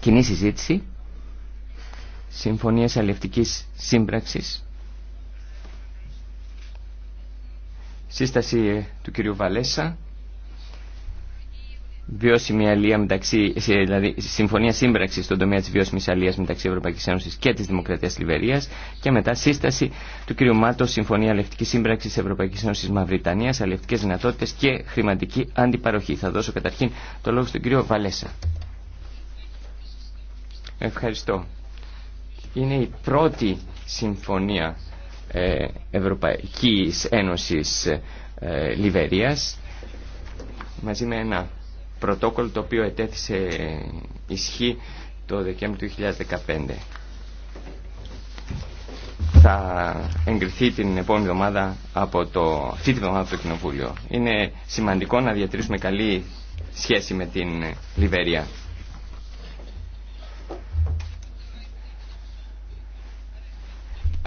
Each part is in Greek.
κοινή συζήτηση συμφωνίες αλληλευτικής σύμπραξης σύσταση του κυρίου Βαλέσα βιώσιμη μεταξύ, δηλαδή συμφωνία σύμπραξης στον τομέα της βιώσιμης αλίας μεταξύ Ευρωπαϊκής Ένωσης και της Δημοκρατίας Λιβερίας και μετά σύσταση του κ. Μάτο Συμφωνία Αλευτικής Σύμπραξης Ευρωπαϊκής Ένωσης Μαυριτανίας, Αλευτικές Δυνατότητες και Χρηματική Αντιπαροχή. Θα δώσω καταρχήν το λόγο στον κ. Βαλέσα. Ευχαριστώ. Είναι η πρώτη συμφωνία ε, Ευρωπαϊκής Ένωσης ε, Λιβερίας μαζί με ένα πρωτόκολλο το οποίο ετέθησε ισχύ το Δεκέμβριο του 2015. Θα εγκριθεί την επόμενη εβδομάδα από το, αυτή τη εβδομάδα από το Κοινοβούλιο. Είναι σημαντικό να διατηρήσουμε καλή σχέση με την Λιβερία.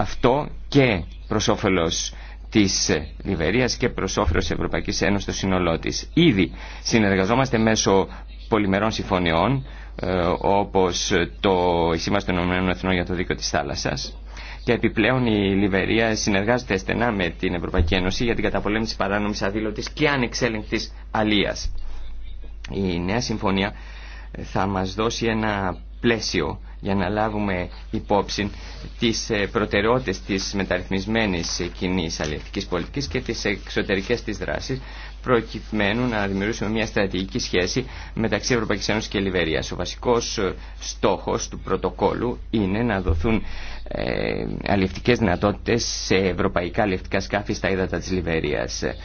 Αυτό και προς όφελος της Λιβερίας και προς όφελος της Ευρωπαϊκής Ένωσης στο σύνολό τη. Ήδη συνεργαζόμαστε μέσω πολυμερών συμφωνιών ε, όπως το, η Σύμβαση των Ηνωμένων για το Δίκαιο της Θάλασσας και επιπλέον η Λιβερία συνεργάζεται στενά με την Ευρωπαϊκή Ένωση για την καταπολέμηση παράνομης αδήλωτης και ανεξέλεγκτης αλίας. Η νέα συμφωνία θα μας δώσει ένα πλαίσιο για να λάβουμε υπόψη τις ε, προτεραιότητες της μεταρρυθμισμένης ε, κοινή αλληλευτικής πολιτικής και τις εξωτερικές της δράσεις προκειμένου να δημιουργήσουμε μια στρατηγική σχέση μεταξύ Ευρωπαϊκής Ένωσης και Λιβερίας. Ο βασικός ε, στόχος του πρωτοκόλου είναι να δοθούν ε, αλληλευτικές δυνατότητες σε ευρωπαϊκά αλληλευτικά σκάφη στα ύδατα της Λιβερίας. Ε,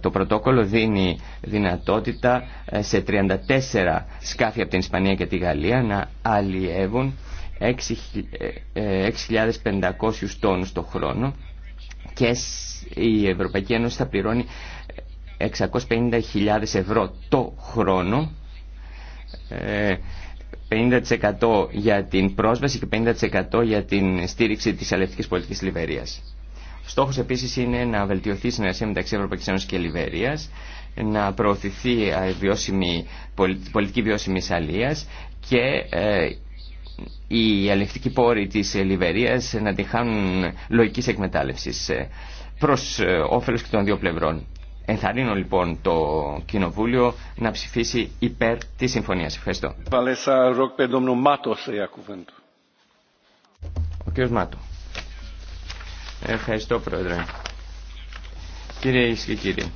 το πρωτόκολλο δίνει δυνατότητα ε, σε 34 σκάφη από την Ισπανία και τη Γαλλία να αλλιεύουν 6.500 τόνους το χρόνο και η Ευρωπαϊκή Ένωση θα πληρώνει 650.000 ευρώ το χρόνο 50% ε, για την πρόσβαση και 50% για την στήριξη της αλευτικής πολιτικής Λιβερίας. Στόχος επίσης είναι να βελτιωθεί η συνεργασία μεταξύ Ευρωπαϊκής Ένωσης και Λιβερίας, να προωθηθεί ε, βιώσιμη, πολιτική βιώσιμη αλίας και ε, οι αλευτικοί πόροι της Λιβερίας να τη χάνουν λογικής εκμετάλλευσης προς όφελος και των δύο πλευρών. Ενθαρρύνω λοιπόν το Κοινοβούλιο να ψηφίσει υπέρ τη συμφωνίας. Ευχαριστώ. Ο κύριος Μάτο. Ευχαριστώ Πρόεδρε. Κύριε και κύριοι,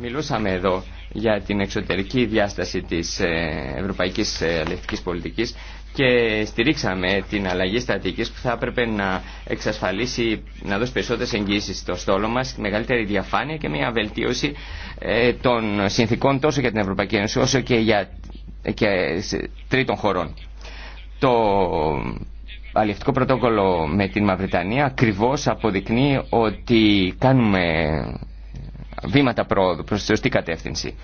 μιλούσαμε εδώ για την εξωτερική διάσταση της ε, ευρωπαϊκής ε, αλληλευτικής πολιτικής και στηρίξαμε την αλλαγή στρατηγικής που θα έπρεπε να εξασφαλίσει, να δώσει περισσότερες εγγύσεις στο στόλο μας, μεγαλύτερη διαφάνεια και μια βελτίωση ε, των συνθήκων τόσο για την Ευρωπαϊκή Ένωση όσο και για και τρίτων χωρών. Το αλληλευτικό πρωτόκολλο με την Μαυριτανία ακριβώς αποδεικνύει ότι κάνουμε βήματα πρόοδου προς τη σωστή κατεύθυνση.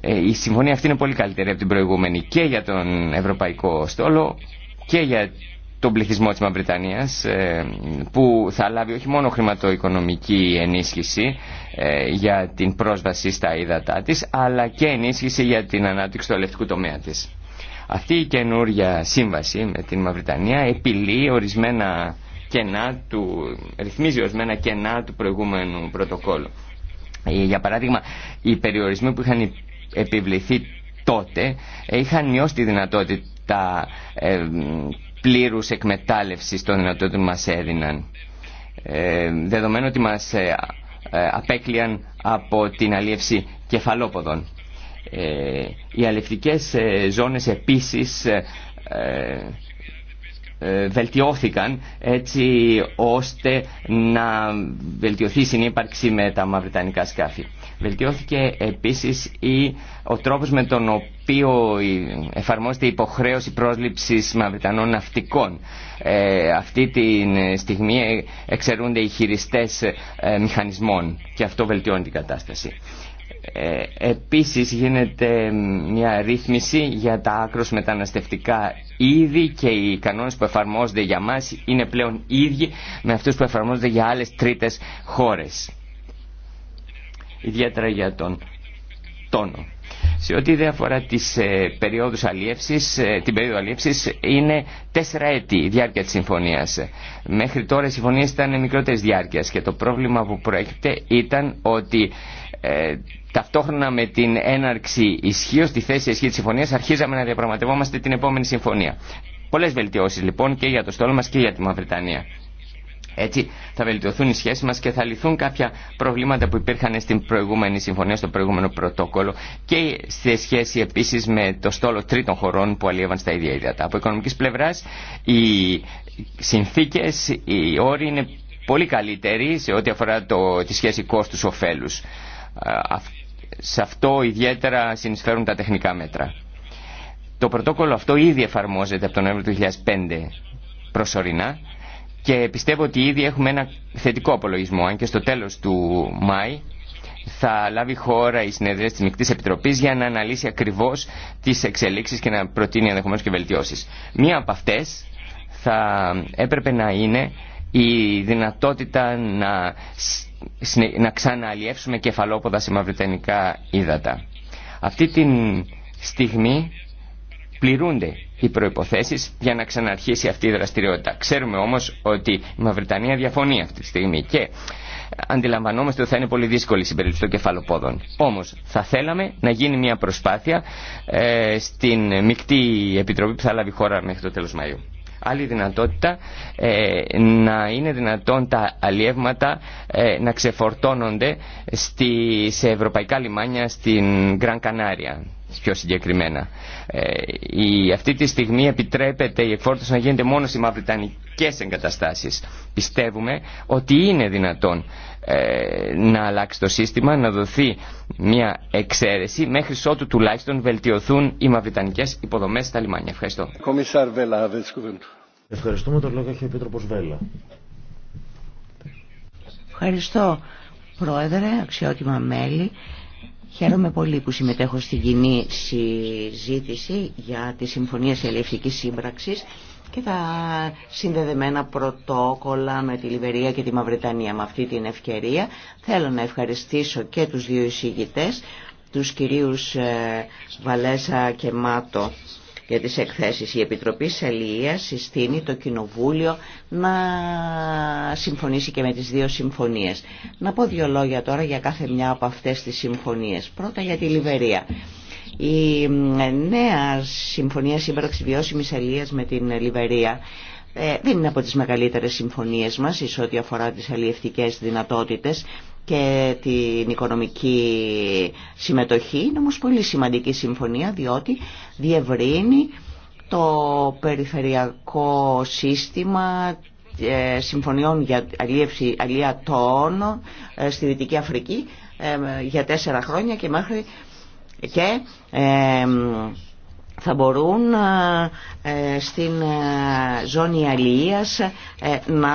Ε, η συμφωνία αυτή είναι πολύ καλύτερη από την προηγούμενη και για τον Ευρωπαϊκό Στόλο και για τον πληθυσμό της Μαυριτανίας ε, που θα λάβει όχι μόνο χρηματοοικονομική ενίσχυση ε, για την πρόσβαση στα ύδατά της αλλά και ενίσχυση για την ανάπτυξη του αλευτικού τομέα της. Αυτή η καινούργια σύμβαση με την Μαυριτανία επιλύει ορισμένα κενά του, ρυθμίζει ορισμένα κενά του προηγούμενου πρωτοκόλλου. Για παράδειγμα, οι περιορισμοί που είχαν επιβληθεί τότε είχαν μειώσει τη δυνατότητα ε, πλήρους εκμετάλλευσης των δυνατότητων που μας έδιναν. Ε, δεδομένου ότι μας ε, ε απέκλειαν από την αλίευση κεφαλόποδων. Ε, οι αλευτικές ε, ζώνες επίσης βελτιώθηκαν έτσι ώστε να βελτιωθεί η συνύπαρξη με τα μαυριτανικά σκάφη. Βελτιώθηκε επίσης η, ο τρόπος με τον οποίο εφαρμόζεται η υποχρέωση πρόσληψης μαυριτανών ναυτικών. Ε, αυτή τη στιγμή ε, εξαιρούνται οι χειριστές ε, μηχανισμών και αυτό βελτιώνει την κατάσταση. Ε, επίσης γίνεται μια ρύθμιση για τα άκρος μεταναστευτικά είδη και οι κανόνες που εφαρμόζονται για μας είναι πλέον ίδιοι με αυτούς που εφαρμόζονται για άλλες τρίτες χώρες ιδιαίτερα για τον τόνο. Σε ό,τι δεν αφορά τις, ε, περιόδους αλίευσης, ε, την περίοδο αλίευσης είναι τέσσερα έτη η διάρκεια της συμφωνίας. Μέχρι τώρα οι συμφωνίες ήταν μικρότερες διάρκειας και το πρόβλημα που προέρχεται ήταν ότι ε, ταυτόχρονα με την έναρξη ισχύω, τη θέση ισχύ της συμφωνίας, αρχίζαμε να διαπραγματευόμαστε την επόμενη συμφωνία. Πολλές βελτιώσεις λοιπόν και για το στόλο μας και για τη Μαυριτανία. Έτσι θα βελτιωθούν οι σχέσεις μας και θα λυθούν κάποια προβλήματα που υπήρχαν στην προηγούμενη συμφωνία, στο προηγούμενο πρωτόκολλο και στη σχέση επίσης με το στόλο τρίτων χωρών που αλλιεύαν στα ίδια ιδέα. Από οικονομικής πλευράς οι συνθήκες, οι όροι είναι πολύ καλύτεροι σε ό,τι αφορά το, τη σχέση κόστους-οφέλους. Σε αυτό ιδιαίτερα συνεισφέρουν τα τεχνικά μέτρα. Το πρωτόκολλο αυτό ήδη εφαρμόζεται από τον Νοέμβριο του 2005 προσωρινά και πιστεύω ότι ήδη έχουμε ένα θετικό απολογισμό. Αν και στο τέλος του Μάη θα λάβει χώρα η συνεδρία της Μικτής Επιτροπής για να αναλύσει ακριβώς τις εξελίξεις και να προτείνει ενδεχομένω και βελτιώσεις. Μία από αυτές θα έπρεπε να είναι η δυνατότητα να, να ξανααλλιεύσουμε κεφαλόποδα σε μαυριτανικά ύδατα. Αυτή τη στιγμή πληρούνται οι προποθέσει για να ξαναρχίσει αυτή η δραστηριότητα. Ξέρουμε όμω ότι η Μαυριτανία διαφωνεί αυτή τη στιγμή και αντιλαμβανόμαστε ότι θα είναι πολύ δύσκολη η συμπερίληψη των κεφαλοπόδων. Όμως θα θέλαμε να γίνει μια προσπάθεια ε, στην μεικτή επιτροπή που θα λάβει η χώρα μέχρι το τέλο Μαΐου. Άλλη δυνατότητα ε, να είναι δυνατόν τα αλλιεύματα ε, να ξεφορτώνονται στη, σε ευρωπαϊκά λιμάνια στην Γκραν Κανάρια πιο συγκεκριμένα. Ε, η, αυτή τη στιγμή επιτρέπεται η εκφόρτωση να γίνεται μόνο σε μαυριτανικές εγκαταστάσεις. Πιστεύουμε ότι είναι δυνατόν ε, να αλλάξει το σύστημα, να δοθεί μια εξαίρεση μέχρι ότου τουλάχιστον βελτιωθούν οι μαυριτανικές υποδομές στα λιμάνια. Ευχαριστώ. Ευχαριστούμε τον λόγο και ο Επίτροπος Βέλα. Ευχαριστώ Πρόεδρε, αξιότιμα μέλη. Χαίρομαι πολύ που συμμετέχω στην κοινή συζήτηση για τη Συμφωνία Ελευθερικής Σύμπραξης και τα συνδεδεμένα πρωτόκολλα με τη Λιβερία και τη Μαυρετανία. Με αυτή την ευκαιρία θέλω να ευχαριστήσω και τους δύο εισηγητές, τους κυρίους ε, Βαλέσα και Μάτο για τις εκθέσεις. Η Επιτροπή Σαλίας συστήνει το Κοινοβούλιο να συμφωνήσει και με τις δύο συμφωνίες. Να πω δύο λόγια τώρα για κάθε μια από αυτές τις συμφωνίες. Πρώτα για τη Λιβερία. Η ε, νέα συμφωνία σύμπραξη βιώσιμης αλίας με την Λιβερία ε, δεν είναι από τις μεγαλύτερες συμφωνίες μας εις ό,τι αφορά τις αλλιευτικές δυνατότητες και την οικονομική συμμετοχή. Είναι όμως πολύ σημαντική συμφωνία διότι διευρύνει το περιφερειακό σύστημα ε, συμφωνιών για αλλιεύση αλλιατών ε, στη Δυτική Αφρική για τέσσερα χρόνια και μέχρι και θα μπορούν ε, ε, στην ε, ζώνη αλληλείας να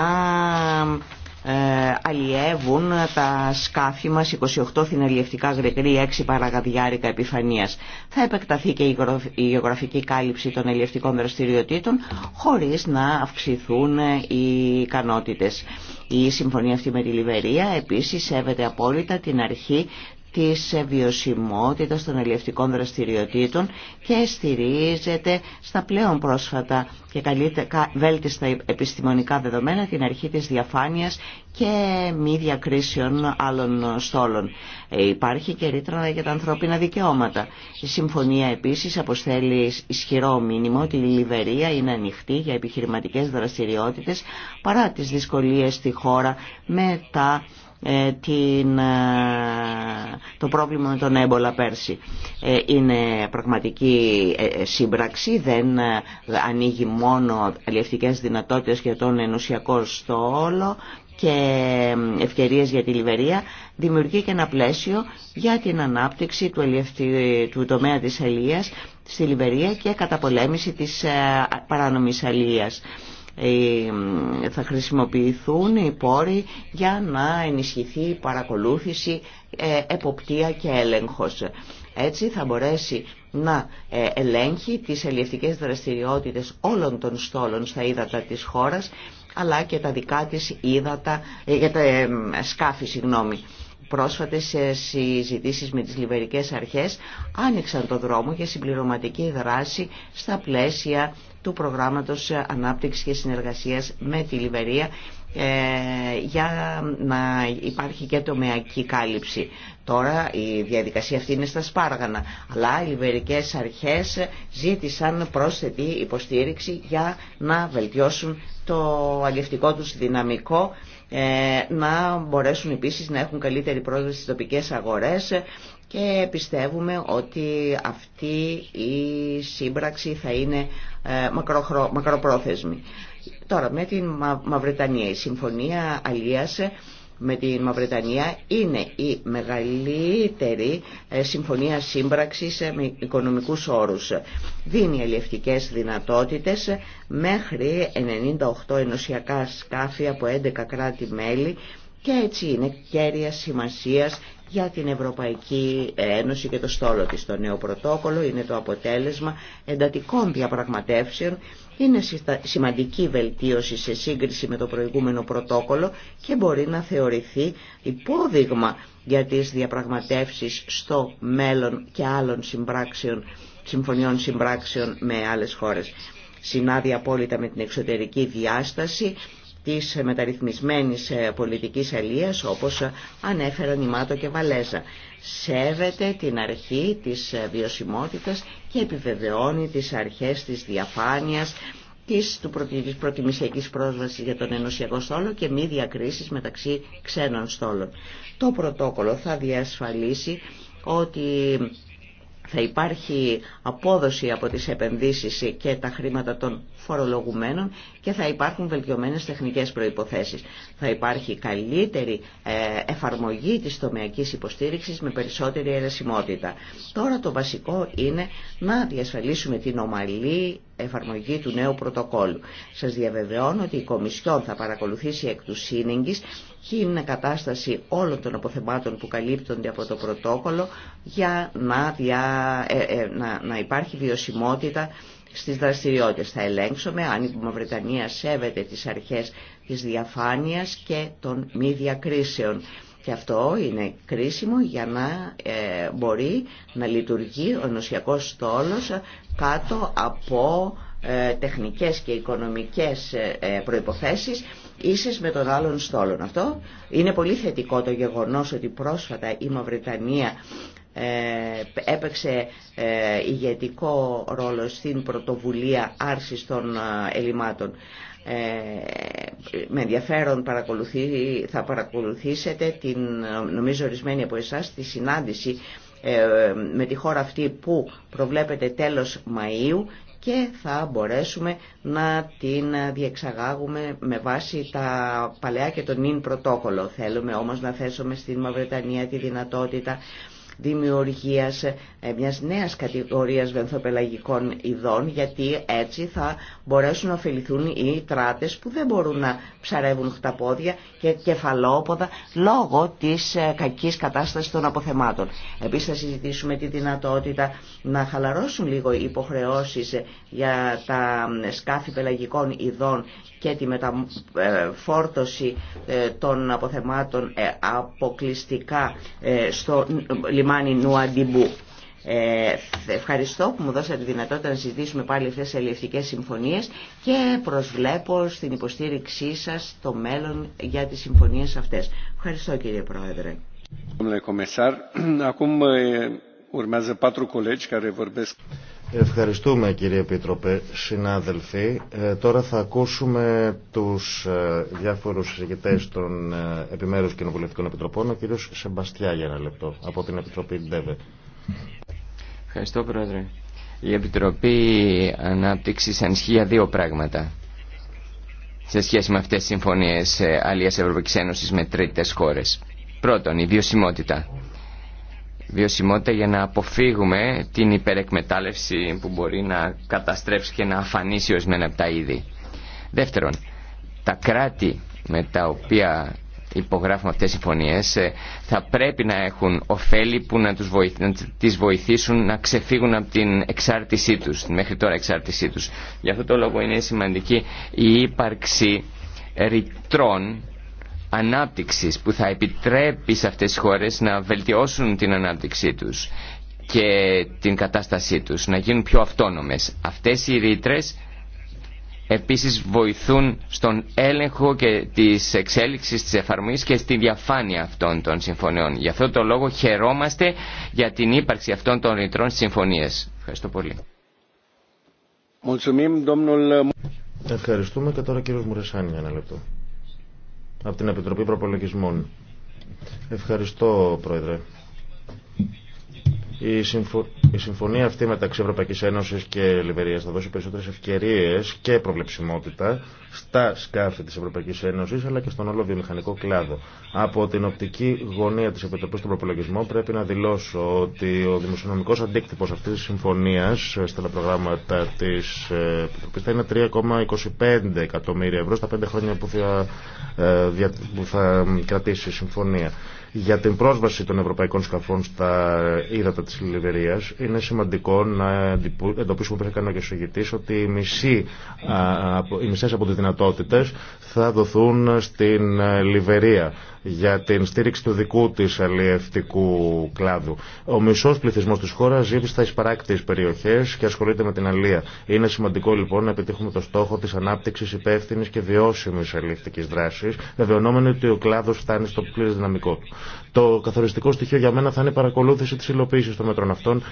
αλλιεύουν τα σκάφη μας 28 θυναλιευτικά γρηγρή 6 παραγαδιάρικα επιφανείας. Θα επεκταθεί και η γεωγραφική κάλυψη των αλλιευτικών δραστηριοτήτων χωρίς να αυξηθούν οι ικανότητες. Η συμφωνία αυτή με τη Λιβερία επίσης σέβεται απόλυτα την αρχή της βιωσιμότητας των αλληλευτικών δραστηριοτήτων και στηρίζεται στα πλέον πρόσφατα και καλύτερα βέλτιστα επιστημονικά δεδομένα την αρχή της διαφάνειας και μη διακρίσεων άλλων στόλων. Ε, υπάρχει και ρήτρα για τα ανθρώπινα δικαιώματα. Η συμφωνία επίσης αποστέλει ισχυρό μήνυμα ότι η Λιβερία είναι ανοιχτή για επιχειρηματικές δραστηριότητες παρά τις δυσκολίες στη χώρα με τα ε, ε, το πρόβλημα με τον έμπολα πέρσι. Ε, είναι πραγματική σύμπραξη, δεν ανοίγει μόνο αλλιευτικές δυνατότητες για τον ενουσιακό στόλο και ευκαιρίες για τη Λιβερία, δημιουργεί και ένα πλαίσιο για την ανάπτυξη του, ελιευτη, του τομέα της αλίας στη Λιβερία και καταπολέμηση της παράνομης αλίας. Ε, θα χρησιμοποιηθούν οι πόροι για να ενισχυθεί η παρακολούθηση, ε, εποπτεία και έλεγχος. Έτσι θα μπορέσει να ε, ελέγχει τις ελιευτικές δραστηριότητες όλων των στόλων στα ύδατα της χώρας αλλά και τα δικά της για τα σκάφη συγγνώμη. Πρόσφατες συζητήσεις με τις λιβερικές αρχές άνοιξαν το δρόμο για συμπληρωματική δράση στα πλαίσια του προγράμματος ανάπτυξης και συνεργασίας με τη Λιβερία ε, για να υπάρχει και τομεακή κάλυψη. Τώρα η διαδικασία αυτή είναι στα Σπάργανα, αλλά οι λιβερικές αρχές ζήτησαν πρόσθετη υποστήριξη για να βελτιώσουν το αλληλευτικό τους δυναμικό ε, να μπορέσουν επίσης να έχουν καλύτερη πρόσβαση στις τοπικές αγορές και πιστεύουμε ότι αυτή η σύμπραξη θα είναι ε, μακροπρόθεσμη. Τώρα με την Μαυρετανία η συμφωνία αλλίασε με την Μαυρετανία είναι η μεγαλύτερη ε, συμφωνία σύμπραξης ε, με οικονομικούς όρους. Δίνει ελευτικές δυνατότητες μέχρι 98 ενωσιακά σκάφη από 11 κράτη-μέλη και έτσι είναι κέρια σημασίας για την Ευρωπαϊκή Ένωση και το στόλο της. Το νέο πρωτόκολλο είναι το αποτέλεσμα εντατικών διαπραγματεύσεων, είναι σημαντική βελτίωση σε σύγκριση με το προηγούμενο πρωτόκολλο και μπορεί να θεωρηθεί υπόδειγμα για τις διαπραγματεύσεις στο μέλλον και άλλων συμπράξεων, συμφωνιών συμπράξεων με άλλες χώρες. Συνάδει απόλυτα με την εξωτερική διάσταση της μεταρρυθμισμένης ε, πολιτικής αλίας όπως ανέφεραν η Μάτο και Βαλέζα. Σέβεται την αρχή της ε, βιωσιμότητας και επιβεβαιώνει τις αρχές της διαφάνειας της του προτιμησιακής πρόσβασης για τον ενωσιακό στόλο και μη διακρίσεις μεταξύ ξένων στόλων. Το πρωτόκολλο θα διασφαλίσει ότι θα υπάρχει απόδοση από τις επενδύσεις και τα χρήματα των φορολογουμένων και θα υπάρχουν βελτιωμένες τεχνικές προϋποθέσεις. Θα υπάρχει καλύτερη ε, εφαρμογή της τομεακής υποστήριξης με περισσότερη αιρεσιμότητα. Τώρα το βασικό είναι να διασφαλίσουμε την ομαλή εφαρμογή του νέου πρωτοκόλου. Σας διαβεβαιώνω ότι η Κομισιόν θα παρακολουθήσει εκ του σύνεγγης την κατάσταση όλων των αποθεμάτων που καλύπτονται από το πρωτόκολλο για να, ε, ε, να, υπάρχει βιωσιμότητα στις δραστηριότητες. Θα ελέγξουμε αν η Μαυρετανία σέβεται τις αρχές της διαφάνειας και των μη διακρίσεων. Και αυτό είναι κρίσιμο για να ε, μπορεί να λειτουργεί ο νοσιακός στόλος κάτω από τεχνικές και οικονομικές προϋποθέσεις ίσες με τον άλλον στόλων. Αυτό είναι πολύ θετικό το γεγονός ότι πρόσφατα η Μαυριτανία ε, έπαιξε ε, ηγετικό ρόλο στην πρωτοβουλία άρσης των ε, ελλημάτων. με ενδιαφέρον θα παρακολουθήσετε την, νομίζω ορισμένη από εσάς τη συνάντηση με τη χώρα αυτή που προβλέπεται τέλος Μαΐου και θα μπορέσουμε να την διεξαγάγουμε με βάση τα παλαιά και το νυν πρωτόκολλο. Θέλουμε όμως να θέσουμε στην Μαυρετανία τη δυνατότητα δημιουργίας ε, μιας νέας κατηγορίας βενθοπελαγικών ειδών γιατί έτσι θα μπορέσουν να ωφεληθούν οι τράτες που δεν μπορούν να ψαρεύουν χταπόδια και κεφαλόποδα λόγω της ε, κακής κατάστασης των αποθεμάτων. Επίσης θα συζητήσουμε τη δυνατότητα να χαλαρώσουν λίγο οι υποχρεώσεις ε, για τα σκάφη πελαγικών ειδών και τη μεταφόρτωση ε, των αποθεμάτων ε, αποκλειστικά ε, στο λιμάνι Νουαντιμπού. Ευχαριστώ που μου δώσατε τη δυνατότητα να συζητήσουμε πάλι αυτές τις ελληνικέ συμφωνίες και προσβλέπω στην υποστήριξή σας το μέλλον για τις συμφωνίες αυτές. Ευχαριστώ κύριε Πρόεδρε. Ευχαριστούμε κύριε Επίτροπε, συνάδελφοι. Ε, τώρα θα ακούσουμε τους ε, διάφορους συζητητές των ε, επιμέρους κοινοβουλευτικών επιτροπών. Ο κύριος Σεμπαστιά για ένα λεπτό από την Επιτροπή ΔΕΒΕ. Ευχαριστώ Πρόεδρε. Η Επιτροπή Ανάπτυξης ανισχύει δύο πράγματα σε σχέση με αυτές τις συμφωνίες ε, Αλίας Ευρωπαϊκής Ένωσης με τρίτες χώρες. Πρώτον, η βιωσιμότητα βιωσιμότητα για να αποφύγουμε την υπερεκμετάλλευση που μπορεί να καταστρέψει και να αφανίσει ορισμένα από τα είδη. Δεύτερον, τα κράτη με τα οποία υπογράφουμε αυτές τις συμφωνίες ε, θα πρέπει να έχουν ωφέλη που να, τους βοηθήσουν, να τις να ξεφύγουν από την εξάρτησή τους, μέχρι τώρα εξάρτησή τους. Γι' αυτό το λόγο είναι σημαντική η ύπαρξη ρητρών ανάπτυξης που θα επιτρέπει σε αυτές τις χώρες να βελτιώσουν την ανάπτυξή τους και την κατάστασή τους, να γίνουν πιο αυτόνομες. Αυτές οι ρήτρε επίσης βοηθούν στον έλεγχο και της εξέλιξης της εφαρμογής και στη διαφάνεια αυτών των συμφωνιών. Γι' αυτό το λόγο χαιρόμαστε για την ύπαρξη αυτών των ρητρών στις συμφωνίες. Ευχαριστώ πολύ. Ευχαριστούμε και τώρα κύριος Μουρεσάνη ένα λεπτό από την Επιτροπή Προπολογισμών. Ευχαριστώ, Πρόεδρε. Η, συμφωνία αυτή μεταξύ Ευρωπαϊκή Ένωση και Λιβερία θα δώσει περισσότερε ευκαιρίε και προβλεψιμότητα στα σκάφη τη Ευρωπαϊκή Ένωση αλλά και στον όλο βιομηχανικό κλάδο. Από την οπτική γωνία τη Επιτροπή του Προπολογισμού πρέπει να δηλώσω ότι ο δημοσιονομικό αντίκτυπο αυτή τη συμφωνία στα προγράμματα τη ε, Επιτροπή θα είναι 3,25 εκατομμύρια ευρώ στα πέντε χρόνια που θα, ε, που θα κρατήσει η συμφωνία για την πρόσβαση των ευρωπαϊκών σκαφών στα ύδατα της Λιβερίας είναι σημαντικό να εντοπίσουμε πριν και ο εισηγητής ότι οι, οι μισές από τις δυνατότητες θα δοθούν στην ε, Λιβερία για την στήριξη του δικού τη αλλιευτικού κλάδου. Ο μισό πληθυσμό της χώρας ζει στα εισπαράκτης περιοχές και ασχολείται με την αλλία. Είναι σημαντικό λοιπόν να επιτύχουμε το στόχο της ανάπτυξη, υπεύθυνη και βιώσιμη αλλιευτική δράσης, βεβαιωνόμενοι ότι ο κλάδος φτάνει στο πλήρε δυναμικό του. Το καθοριστικό στοιχείο για μένα θα είναι η παρακολούθηση της υλοποίησης των μέτρων αυτών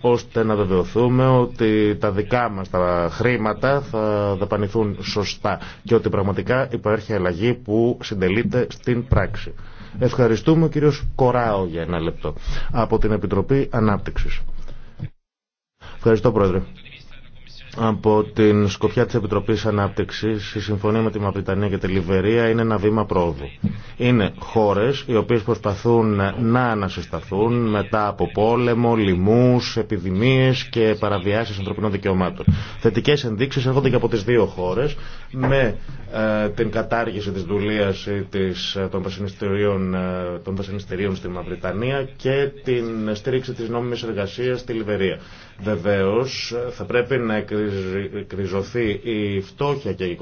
ώστε να βεβαιωθούμε ότι τα δικά μας τα χρήματα θα δαπανηθούν σωστά και ότι πραγματικά υπάρχει αλλαγή που συντελείται στην πράξη. Ευχαριστούμε κύριος Κοράο για ένα λεπτό από την Επιτροπή Ανάπτυξης. Ευχαριστώ Πρόεδρε. Από την σκοπιά της Επιτροπής Ανάπτυξης, η συμφωνία με τη Μαυριτανία και τη Λιβερία είναι ένα βήμα πρόοδου. Είναι χώρες οι οποίες προσπαθούν να ανασυσταθούν μετά από πόλεμο, λοιμούς, επιδημίες και παραβιάσεις ανθρωπινών δικαιωμάτων. Θετικές ενδείξεις έρχονται και από τις δύο χώρες με ε, την κατάργηση της δουλείας της, ε, των, βασανιστήριων, ε, των στη Μαυριτανία και την στήριξη της νόμιμης εργασίας στη Λιβερία. Βεβαίω θα πρέπει να κρυζωθεί η φτώχεια και η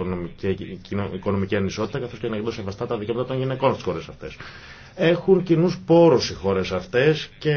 οικονομική ανισότητα, καθώς και να γίνουν σεβαστά τα δικαιώματα των γυναικών στις χώρες αυτές. Έχουν κοινού πόρους οι χώρες αυτές και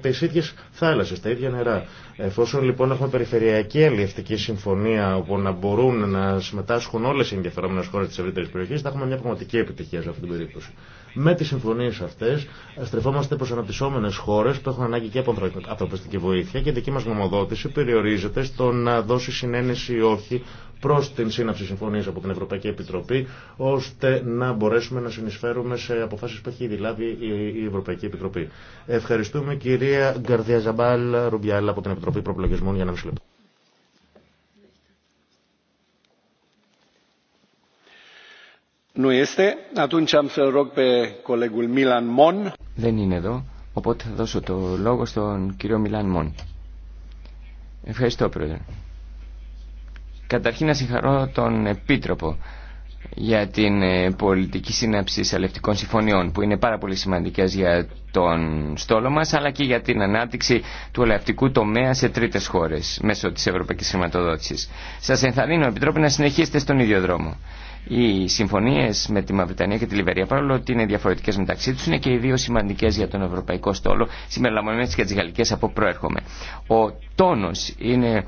τις ίδιες θάλασσες, τα ίδια νερά. Εφόσον λοιπόν έχουμε περιφερειακή αλληλευτική συμφωνία όπου να μπορούν να συμμετάσχουν όλες οι ενδιαφερόμενες χώρες της ευρύτερης περιοχής, θα έχουμε μια πραγματική επιτυχία σε αυτή την περίπτωση. Με τι συμφωνίε αυτέ στρεφόμαστε προ αναπτυσσόμενε χώρε που έχουν ανάγκη και από ανθρωπιστική βοήθεια και η δική μα νομοδότηση περιορίζεται στο να δώσει συνένεση ή όχι προ την σύναψη συμφωνία από την Ευρωπαϊκή Επιτροπή, ώστε να μπορέσουμε να συνεισφέρουμε σε αποφάσει που έχει ήδη λάβει η Ευρωπαϊκή Επιτροπή. Ευχαριστούμε κυρία Γκαρδία Ζαμπάλ Ρουμπιάλ από την Επιτροπή Προπλογισμών για να μισή λεπτό. Nu este. Δεν είναι εδώ, οπότε θα δώσω το λόγο στον κύριο Μιλάν Μον. Ευχαριστώ, Πρόεδρε. Καταρχήν να συγχαρώ τον Επίτροπο για την ε, πολιτική σύναψη αλευτικών συμφωνιών που είναι πάρα πολύ σημαντικέ για τον στόλο μας αλλά και για την ανάπτυξη του ελευτικού τομέα σε τρίτες χώρες μέσω της Ευρωπαϊκής Χρηματοδότησης. Σας ενθαρρύνω Επίτροπο, να συνεχίσετε στον ίδιο δρόμο. Οι συμφωνίε με τη Μαυριτανία και τη Λιβερία, παρόλο ότι είναι διαφορετικέ μεταξύ του, είναι και οι δύο σημαντικέ για τον ευρωπαϊκό στόλο, συμπεριλαμβανομένε και τι γαλλικέ από προέρχομαι. Ο τόνο είναι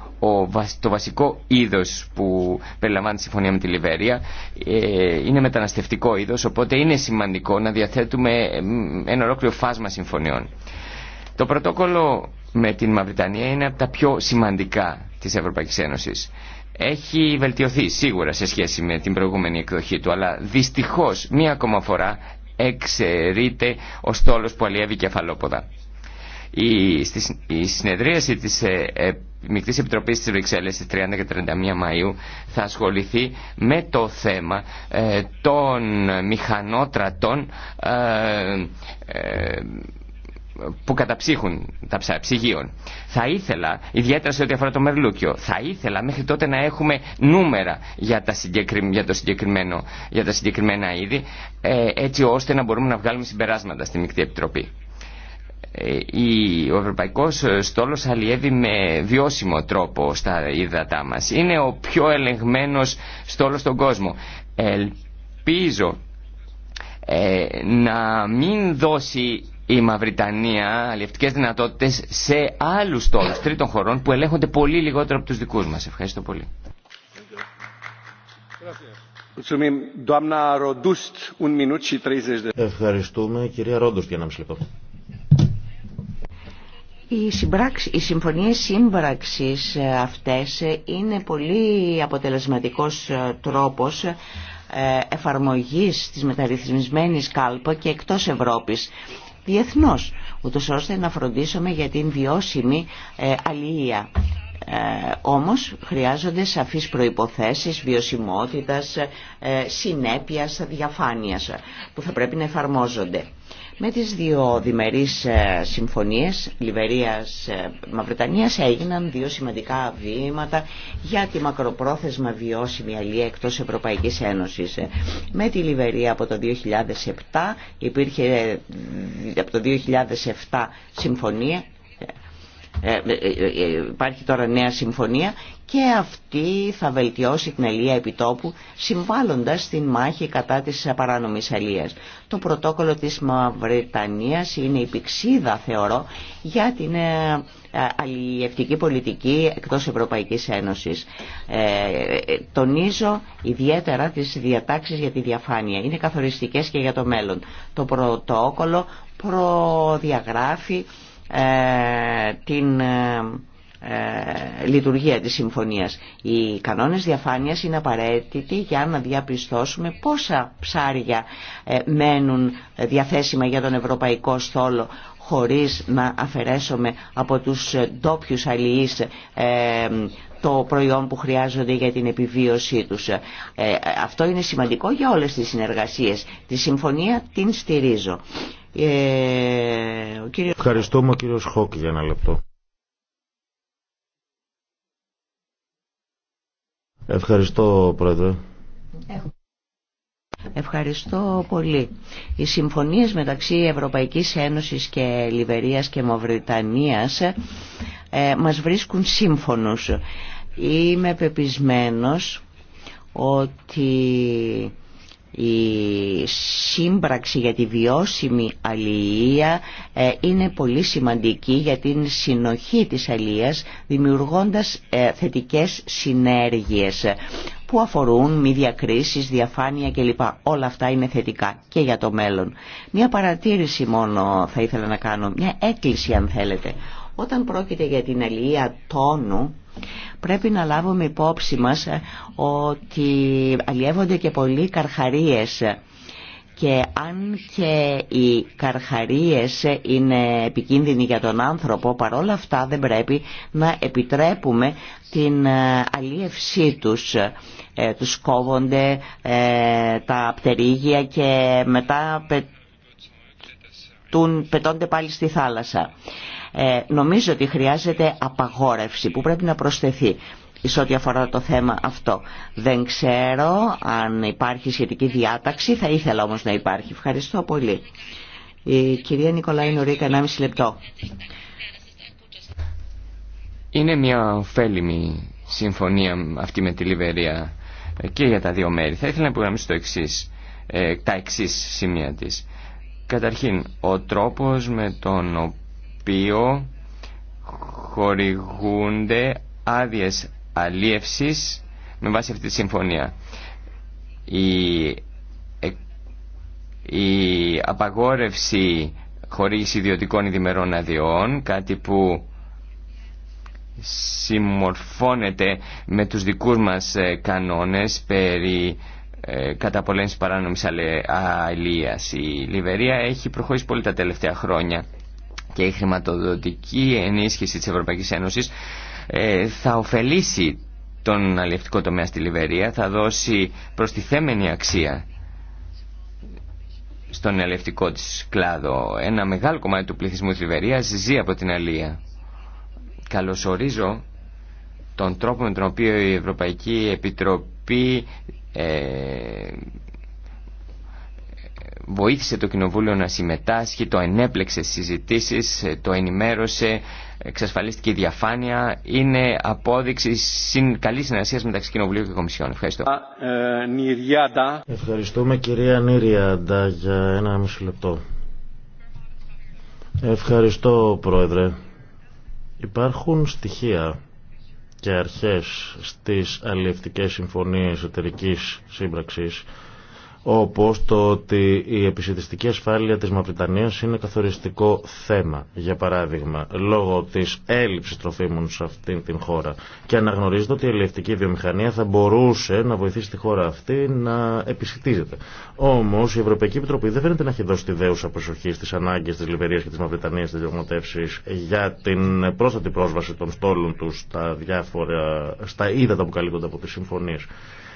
το βασικό είδο που περιλαμβάνει τη συμφωνία με τη Λιβερία. Ε, είναι μεταναστευτικό είδο, οπότε είναι σημαντικό να διαθέτουμε ένα ολόκληρο φάσμα συμφωνιών. Το πρωτόκολλο με την Μαυριτανία είναι από τα πιο σημαντικά της Ευρωπαϊκής Ένωσης έχει βελτιωθεί σίγουρα σε σχέση με την προηγούμενη εκδοχή του, αλλά δυστυχώς μία ακόμα φορά εξαιρείται ο στόλος που αλλιεύει κεφαλόποδα. Η, στη, η συνεδρίαση της ε, ε, Μικτής Επιτροπής της Βρυξέλλες στις 30 και 31 Μαΐου θα ασχοληθεί με το θέμα ε, των μηχανότρατων ε, ε που καταψύχουν τα ψυγείων. Θα ήθελα, ιδιαίτερα σε ό,τι αφορά το Μερλούκιο, θα ήθελα μέχρι τότε να έχουμε νούμερα για τα, για το συγκεκριμένο... για τα συγκεκριμένα είδη, ε, έτσι ώστε να μπορούμε να βγάλουμε συμπεράσματα στη Μικτή Επιτροπή. Ε, ο Ευρωπαϊκό ε, Στόλος αλλιεύει με βιώσιμο τρόπο στα ύδατά μα. Είναι ο πιο ελεγμένο στόλο στον κόσμο. Ελπίζω να μην δώσει η Μαυριτανία αλληλευτικέ δυνατότητε, σε άλλου τόλους τρίτων χωρών που ελέγχονται πολύ λιγότερο από του δικού μα. Ευχαριστώ πολύ. Ευχαριστούμε. Κυρία Ρόντουστ για να μισή λεπτό. Οι, συμπράξη, οι συμφωνίες σύμπραξης ε, αυτές ε, είναι πολύ αποτελεσματικός ε, τρόπος εφαρμογής της μεταρρυθμισμένης κάλπο και εκτός Ευρώπης διεθνώς, ούτως ώστε να φροντίσουμε για την βιώσιμη ε, αλληλεία. Ε, όμως χρειάζονται σαφείς προϋποθέσεις βιωσιμότητας, ε, συνέπειας, διαφάνειας που θα πρέπει να εφαρμόζονται. Με τις δύο διμερείς ε, συμφωνίες Λιβερίας ε, Μαυρετανίας έγιναν δύο σημαντικά βήματα για τη μακροπρόθεσμα βιώσιμη αλλία εκτός Ευρωπαϊκής Ένωσης. Ε, με τη Λιβερία από το 2007 υπήρχε από το 2007 συμφωνία ε, ε, ε, υπάρχει τώρα νέα συμφωνία και αυτή θα βελτιώσει την αλληλεία επιτόπου συμβάλλοντας στην μάχη κατά της παράνομης αλίας. Το πρωτόκολλο της Μαυρετανίας είναι η πηξίδα θεωρώ για την αλληλευτική πολιτική εκτός Ευρωπαϊκής Ένωσης. τονίζω ιδιαίτερα τις διατάξεις για τη διαφάνεια. Είναι καθοριστικές και για το μέλλον. Το πρωτόκολλο προδιαγράφει ε, την ε, ε, λειτουργία της συμφωνίας. Οι κανόνες διαφάνειας είναι απαραίτητοι για να διαπιστώσουμε πόσα ψάρια μένουν διαθέσιμα για τον ευρωπαϊκό στόλο χωρίς να αφαιρέσουμε από τους ντόπιου αλληλείς το προϊόν που χρειάζονται για την επιβίωσή τους. Αυτό είναι σημαντικό για όλες τις συνεργασίες. Τη συμφωνία την στηρίζω κύριο... Ευχαριστούμε ο κύριος Χόκ για ένα λεπτό. Ευχαριστώ πρόεδρε. Ευχαριστώ πολύ. Οι συμφωνίες μεταξύ Ευρωπαϊκής Ένωσης και Λιβερίας και Μαυριτανίας ε, μας βρίσκουν σύμφωνους. Είμαι πεπισμένος ότι η σύμπραξη για τη βιώσιμη αλληλεία ε, είναι πολύ σημαντική για την συνοχή της αλληλείας δημιουργώντας ε, θετικές συνέργειες που αφορούν μη διακρίσεις, διαφάνεια κλπ. Όλα αυτά είναι θετικά και για το μέλλον. Μια παρατήρηση μόνο θα ήθελα να κάνω, μια έκκληση αν θέλετε. Όταν πρόκειται για την αλληλεία τόνου Πρέπει να λάβουμε υπόψη μας ε, ότι αλλιεύονται και πολλοί καρχαρίες και αν και οι καρχαρίες είναι επικίνδυνοι για τον άνθρωπο, παρόλα αυτά δεν πρέπει να επιτρέπουμε την ε, αλλιευσή τους. Ε, τους κόβονται ε, τα πτερίγια και μετά πετούν, πετώνται πάλι στη θάλασσα. Ε, νομίζω ότι χρειάζεται απαγόρευση που πρέπει να προσθεθεί σε ό,τι αφορά το θέμα αυτό. Δεν ξέρω αν υπάρχει σχετική διάταξη, θα ήθελα όμως να υπάρχει. Ευχαριστώ πολύ. Η κυρία Νικολάη Νουρίκα 1,5 λεπτό. Είναι μια ωφέλιμη συμφωνία αυτή με τη Λιβερία και για τα δύο μέρη. Θα ήθελα να υπογραμμίσω το εξής, ε, τα εξή σημεία της. Καταρχήν, ο τρόπος με τον οποίο χορηγούνται άδειε αλίευσης με βάση αυτή τη συμφωνία. Η, ε, η απαγόρευση χορήγηση ιδιωτικών ειδημερών αδειών, κάτι που συμμορφώνεται με τους δικούς μας ε, κανόνες περί ε, καταπολέμηση παράνομη αλληλεία. Η Λιβερία έχει προχωρήσει πολύ τα τελευταία χρόνια και η χρηματοδοτική ενίσχυση της Ευρωπαϊκής Ένωσης ε, θα ωφελήσει τον αλληλευτικό τομέα στη Λιβερία, θα δώσει προστιθέμενη αξία στον αλληλευτικό της κλάδο. Ένα μεγάλο κομμάτι του πληθυσμού της Λιβερίας ζει από την αλία. Καλωσορίζω τον τρόπο με τον οποίο η Ευρωπαϊκή Επιτροπή ε, βοήθησε το Κοινοβούλιο να συμμετάσχει, το ενέπλεξε συζητήσεις, ε, το ενημέρωσε, εξασφαλίστηκε η διαφάνεια. Είναι απόδειξη συν, καλής συνεργασίας μεταξύ Κοινοβουλίου και Κομισιόν. Ευχαριστώ. Ε, Ευχαριστούμε κυρία Νίριαντα για ένα μισό λεπτό. Ευχαριστώ πρόεδρε. Υπάρχουν στοιχεία και αρχές στις αλληλευτικές συμφωνίες εταιρικής σύμπραξης όπως το ότι η επισητιστική ασφάλεια της Μαυριτανίας είναι καθοριστικό θέμα, για παράδειγμα, λόγω της έλλειψης τροφίμων σε αυτήν την χώρα. Και αναγνωρίζεται ότι η ελευτική βιομηχανία θα μπορούσε να βοηθήσει τη χώρα αυτή να επισητίζεται. Όμως η Ευρωπαϊκή Επιτροπή δεν φαίνεται να έχει δώσει τη δέουσα προσοχή στις ανάγκες της Λιβερίας και της Μαυριτανίας στις διαπραγματεύσεις για την πρόσθετη πρόσβαση των στόλων τους στα, διάφορα, στα ύδατα που καλύπτονται από τι συμφωνίες.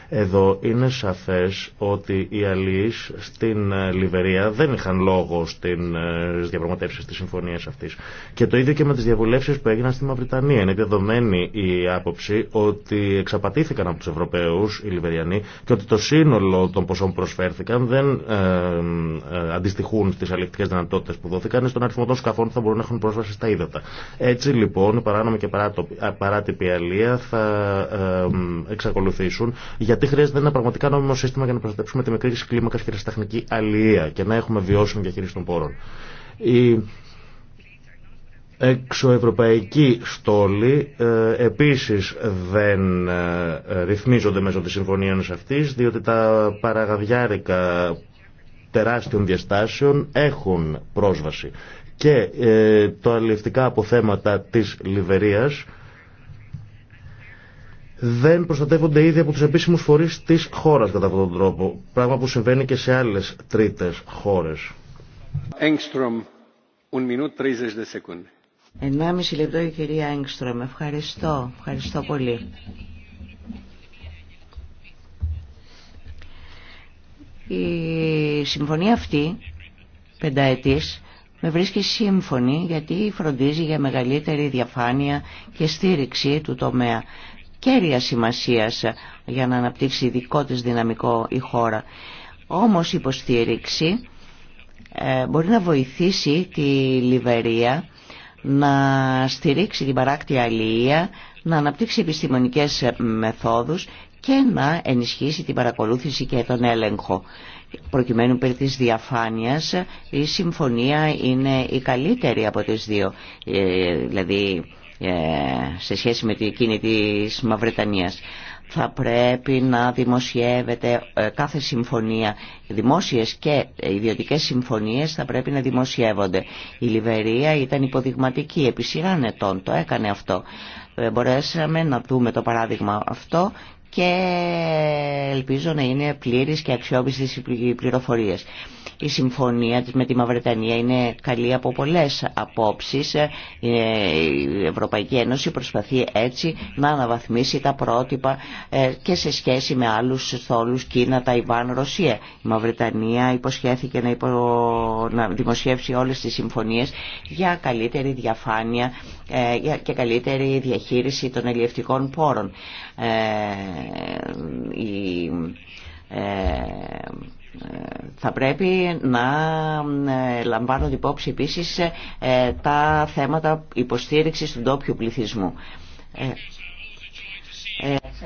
Εδώ είναι σαφές ότι οι αλλοίς στην ε, Λιβερία δεν είχαν λόγο ε, στις διαπραγματεύσει της συμφωνίας αυτής. Και το ίδιο και με τις διαβουλεύσεις που έγιναν στη Μαυριτανία. Είναι δεδομένη η άποψη ότι εξαπατήθηκαν από τους Ευρωπαίους οι Λιβεριανοί και ότι το σύνολο των ποσών που προσφέρθηκαν δεν ε, ε αντιστοιχούν στις αλληλεκτικές δυνατότητες που δόθηκαν στον αριθμό των σκαφών που θα μπορούν να έχουν πρόσβαση στα ύδατα. Έτσι λοιπόν παράνομη και παράτυπη αλλοία θα εξακολουθήσουν γιατί χρειάζεται ένα πραγματικά νόμιμο σύστημα για να προστατεύσουμε τη μικρή κλίμακα σταχνική αλληλεία και να έχουμε βιώσιμη διαχείριση των πόρων. Η εξωευρωπαϊκή στόλη ε, επίσης δεν ε, ρυθμίζονται μέσω της συμφωνίας αυτής διότι τα παραγαδιάρικα τεράστιων διαστάσεων έχουν πρόσβαση και ε, το αλληλευτικά αποθέματα της Λιβερίας δεν προστατεύονται ήδη από τους επίσημους φορείς της χώρας κατά αυτόν τον τρόπο. Πράγμα που συμβαίνει και σε άλλες τρίτες χώρες. Engstrom, 1 30 λεπτό η κυρία Ευχαριστώ. Ευχαριστώ πολύ. Η συμφωνία αυτή, πενταετής, με βρίσκει σύμφωνη γιατί φροντίζει για μεγαλύτερη διαφάνεια και στήριξη του τομέα κέρια σημασίας για να αναπτύξει δικό της δυναμικό η χώρα. Όμως η υποστήριξη ε, μπορεί να βοηθήσει τη Λιβερία να στηρίξει την παράκτη αλληλεία, να αναπτύξει επιστημονικές μεθόδους και να ενισχύσει την παρακολούθηση και τον έλεγχο. Προκειμένου περί της διαφάνειας, η συμφωνία είναι η καλύτερη από τις δύο. Ε, δηλαδή ε, σε σχέση με εκείνη της Μαυρετανίας. Θα πρέπει να δημοσιεύεται ε, κάθε συμφωνία, δημόσιες και ιδιωτικές συμφωνίες θα πρέπει να δημοσιεύονται. Η Λιβερία ήταν υποδειγματική επί σειράν ετών, το έκανε αυτό. Ε, μπορέσαμε να δούμε το παράδειγμα αυτό και ελπίζω να είναι πλήρης και αξιόπιστης οι πληροφορίες. Η συμφωνία της με τη Μαυρετανία είναι καλή από πολλές απόψεις. Ε, η Ευρωπαϊκή Ένωση προσπαθεί έτσι να αναβαθμίσει τα πρότυπα ε, και σε σχέση με άλλους θόλους Κίνα, Ταϊβάν, Ρωσία. Η Μαυρετανία υποσχέθηκε να, να δημοσιεύσει όλες τις συμφωνίες για καλύτερη διαφάνεια ε, και καλύτερη διαχείριση των ελιευτικών πόρων. Ε, θα πρέπει να ε, λαμβάνονται υπόψη επίσης ε, τα θέματα υποστήριξης του ντόπιου πληθυσμού.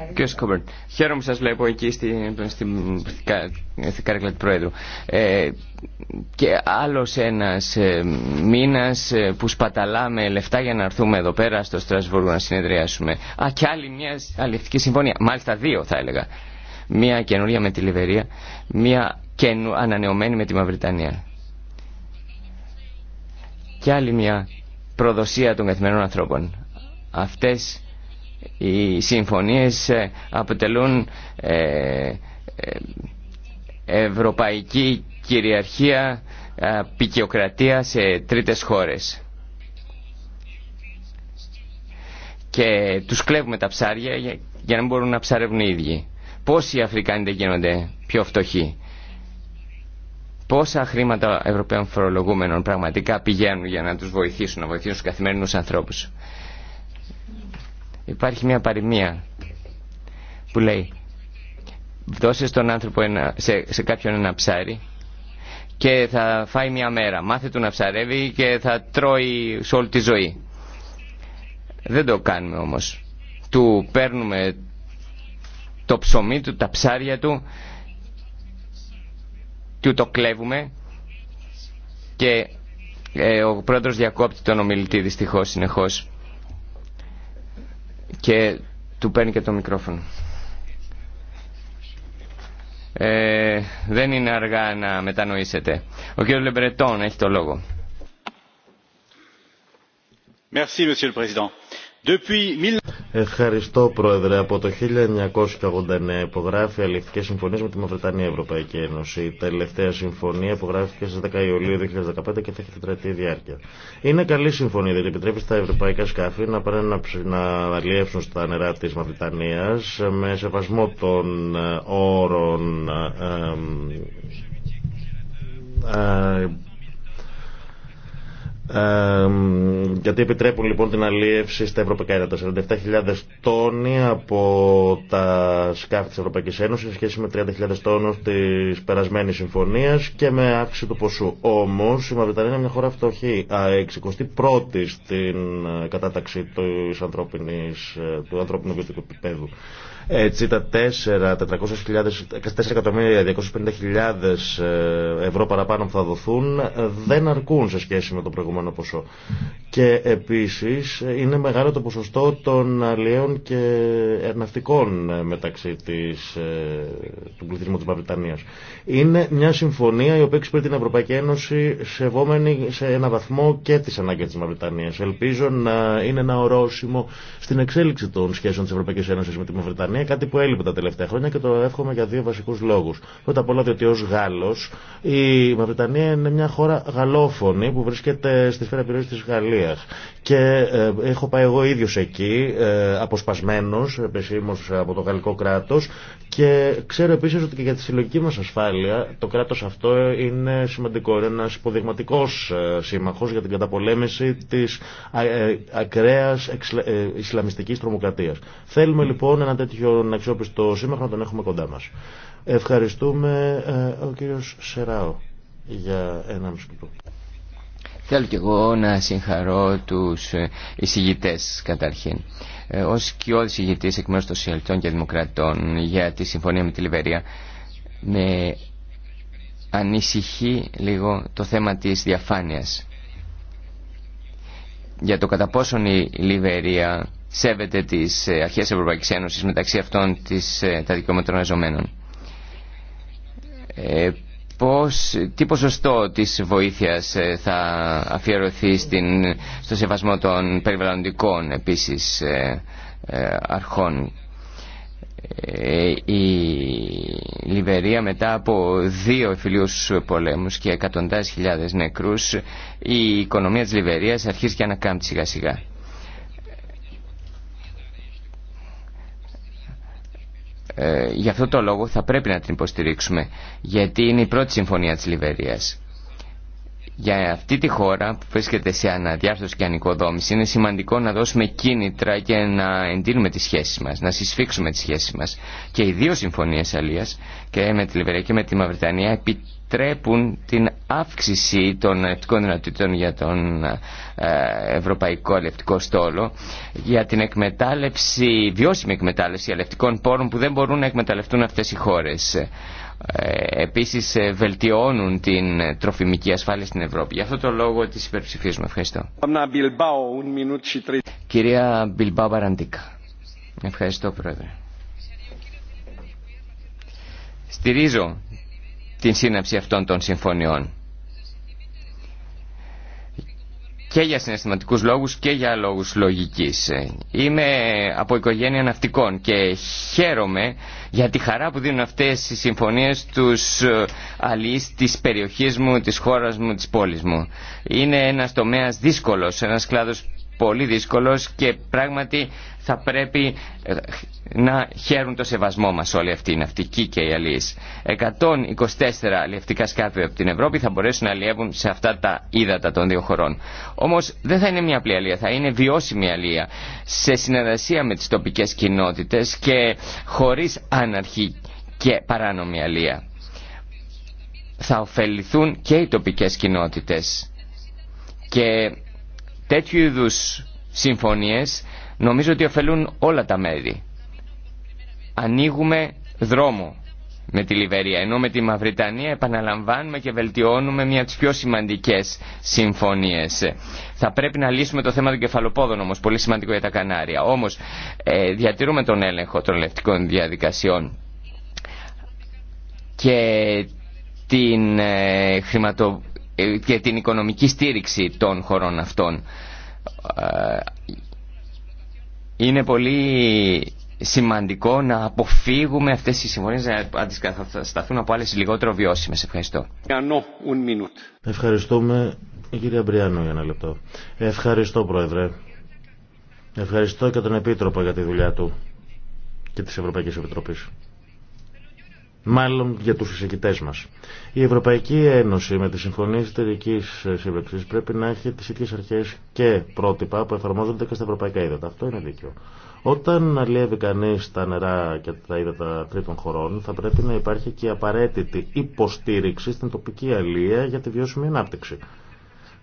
Κύριε Σκόμπερν, χαίρομαι που σας βλέπω εκεί στην, στην, του Πρόεδρου. Ε, και άλλος ένας ε, μήνας ε, που σπαταλάμε λεφτά για να έρθουμε εδώ πέρα στο Στρασβούργο να συνεδριάσουμε. Α, και άλλη μια αληθική συμφωνία, μάλιστα δύο θα έλεγα. Μια καινούρια με τη Λιβερία, μια καινου, ανανεωμένη με τη Μαυριτανία. Και άλλη μια προδοσία των καθημερινών ανθρώπων. Αυτές οι συμφωνίες ε, αποτελούν ε, ε, ευρωπαϊκή κυριαρχία πικιοκρατία σε τρίτες χώρες. Και τους κλέβουμε τα ψάρια για να μπορούν να ψαρεύουν οι ίδιοι. Πόσοι Αφρικάνοι δεν γίνονται πιο φτωχοί. Πόσα χρήματα Ευρωπαίων φορολογούμενων πραγματικά πηγαίνουν για να τους βοηθήσουν, να βοηθήσουν τους καθημερινούς ανθρώπους υπάρχει μια παροιμία που λέει δώσε στον άνθρωπο ένα, σε, σε κάποιον ένα ψάρι και θα φάει μια μέρα. Μάθε του να ψαρεύει και θα τρώει σε όλη τη ζωή. Δεν το κάνουμε όμως. Του παίρνουμε το ψωμί του, τα ψάρια του, του το κλέβουμε και ε, ο πρόεδρος διακόπτει τον ομιλητή δυστυχώς συνεχώς και του παίρνει και το μικρόφωνο. Ε, δεν είναι αργά να μετανοήσετε. Ο κύριος Λεμπρετών έχει το λόγο. Merci, Ευχαριστώ Πρόεδρε. Από το 1989 υπογράφει αληθικές συμφωνίες με τη μαυριτανια Ευρωπαϊκή Ένωση. Η τελευταία συμφωνία υπογράφηκε στις 10 Ιουλίου 2015 και θα έχει τετρατή διάρκεια. Είναι καλή συμφωνία διότι επιτρέπει στα ευρωπαϊκά σκάφη να πάνε να αλλιεύσουν στα νερά της Μαυρετανίας με σεβασμό των ε, όρων ε, ε, γιατί επιτρέπουν λοιπόν την αλίευση στα ευρωπαϊκά έδατα. 47.000 τόνοι από τα σκάφη της Ευρωπαϊκής Ένωσης σε σχέση με 30.000 τόνους της περασμένης συμφωνίας και με αύξηση του ποσού. Όμως η Μαυριτανία είναι μια χώρα φτωχή, πρώτη στην ε, κατάταξη ε, του ανθρώπινου βιωτικού επίπεδου. Έτσι τα 4.250.000 ε, ευρώ παραπάνω που θα δοθούν ε, δεν αρκούν σε σχέση με το προηγούμενο ποσό. Και επίσης ε, είναι μεγάλο το ποσοστό των αλλιέων και ερναυτικών μεταξύ της, του πληθυσμού της Μαυριτανίας. Είναι μια συμφωνία η οποία εξυπηρετεί την Ευρωπαϊκή Ένωση σεβόμενη σε ένα βαθμό και τις ανάγκες της Μαυρτανίας. Ελπίζω να είναι ένα ορόσημο στην εξέλιξη των σχέσεων της Ευρωπαϊκής Ένωσης με τη Μαυριτανία Γερμανία, κάτι που έλειπε τα τελευταία χρόνια και το εύχομαι για δύο βασικού λόγου. Πρώτα απ' όλα διότι ω Γάλλο η Μαυριτανία είναι μια χώρα γαλλόφωνη που βρίσκεται στη σφαίρα επιρροή τη Γαλλία. Και ε, έχω πάει εγώ ίδιο εκεί, ε, αποσπασμένο επισήμω από το γαλλικό κράτο και ξέρω επίση ότι και για τη συλλογική μα ασφάλεια το κράτο αυτό είναι σημαντικό. Είναι ένα υποδειγματικό ε, σύμμαχο για την καταπολέμηση τη ε, ακραία ε, Ισλαμιστική τρομοκρατία. Θέλουμε λοιπόν ένα τέτοιο αξιόπιστο σύμμαχο να τον έχουμε κοντά μα. Ευχαριστούμε ο κύριος Σεράο για ένα μισό Θέλω και εγώ να συγχαρώ τους ε, εισηγητές καταρχήν. Ε, ως ο εισηγητής εκ μέρους των Συνελτών και Δημοκρατών για τη συμφωνία με τη Λιβερία με ανησυχεί λίγο το θέμα της διαφάνειας. Για το κατά πόσον η Λιβερία σέβεται τις ε, αρχές Ευρωπαϊκής Ένωση μεταξύ αυτών της, ε, τα δικαιώματα των εργαζομένων πώς, τι ποσοστό της βοήθειας ε, θα αφιερωθεί στην, στο σεβασμό των περιβαλλοντικών επίσης ε, ε, αρχών. Η Λιβερία μετά από δύο εφηλίους πολέμους και εκατοντάδες χιλιάδες νεκρούς η οικονομία της Λιβερίας αρχίζει και ανακάμπτει σιγά σιγά. Ε, γι' αυτό το λόγο θα πρέπει να την υποστηρίξουμε, γιατί είναι η πρώτη συμφωνία της Λιβερίας. Για αυτή τη χώρα που βρίσκεται σε αναδιάρθρωση και ανοικοδόμηση είναι σημαντικό να δώσουμε κίνητρα και να εντείνουμε τις σχέσεις μας, να συσφίξουμε τις σχέσεις μας. Και οι δύο συμφωνίες αλίας και με τη Λιβερία και με τη Μαυριτανία επιτρέπουν την αύξηση των ελευτικών δυνατοτήτων για τον ε, ευρωπαϊκό ελευτικό στόλο για την εκμετάλλευση, βιώσιμη εκμετάλλευση ελευτικών πόρων που δεν μπορούν να εκμεταλλευτούν αυτές οι χώρες. Ε, επίσης ε, βελτιώνουν την ε, τροφιμική ασφάλεια στην Ευρώπη. Γι' αυτό το λόγο τις υπερψηφίζουμε. Ευχαριστώ. Κυρία Μπιλμπάου Μπαραντίκα. Ευχαριστώ Πρόεδρε. Στηρίζω την σύναψη αυτών των συμφωνιών. και για συναισθηματικού λόγους και για λόγους λογική. Ε, είμαι από οικογένεια ναυτικών και χαίρομαι για τη χαρά που δίνουν αυτές οι συμφωνίες τους ε, αλληλείς της περιοχής μου, της χώρας μου, της πόλης μου. Είναι ένας τομέας δύσκολος, ένα κλάδος πολύ δύσκολος και πράγματι θα πρέπει ε, να χαίρουν το σεβασμό μας όλοι αυτοί οι ναυτικοί και οι αλίες. 124 αλλιευτικά σκάφη από την Ευρώπη θα μπορέσουν να αλλιεύουν σε αυτά τα ύδατα των δύο χωρών. Όμως δεν θα είναι μια απλή αλλία, θα είναι βιώσιμη αλλία σε συνεργασία με τις τοπικές κοινότητες και χωρίς άναρχη και παράνομη αλλία. Θα ωφεληθούν και οι τοπικές κοινότητες και Τέτοιου είδου συμφωνίες νομίζω ότι ωφελούν όλα τα μέρη. Ανοίγουμε δρόμο με τη Λιβερία, ενώ με τη Μαυριτανία επαναλαμβάνουμε και βελτιώνουμε μια από τις πιο σημαντικές συμφωνίες. Θα πρέπει να λύσουμε το θέμα των κεφαλοπόδων όμως, πολύ σημαντικό για τα Κανάρια. Όμως ε, διατηρούμε τον έλεγχο των λευτικών διαδικασιών και την ε, ε, και την οικονομική στήριξη των χωρών αυτών. Ε, είναι πολύ σημαντικό να αποφύγουμε αυτές τις συμφωνίες να αντισταθούν από άλλες λιγότερο βιώσιμες. Ευχαριστώ. Ευχαριστούμε κύριε κυρία για ένα λεπτό. Ευχαριστώ Πρόεδρε. Ευχαριστώ και τον Επίτροπο για τη δουλειά του και της Ευρωπαϊκής Επιτροπής μάλλον για τους εισηγητές μας. Η Ευρωπαϊκή Ένωση με τις συμφωνίες εταιρικής σύμβεψης πρέπει να έχει τις ίδιες αρχές και πρότυπα που εφαρμόζονται και στα ευρωπαϊκά είδατα. Αυτό είναι δίκαιο. Όταν αλλιεύει κανεί τα νερά και τα είδατα τρίτων χωρών, θα πρέπει να υπάρχει και απαραίτητη υποστήριξη στην τοπική αλλία για τη βιώσιμη ανάπτυξη.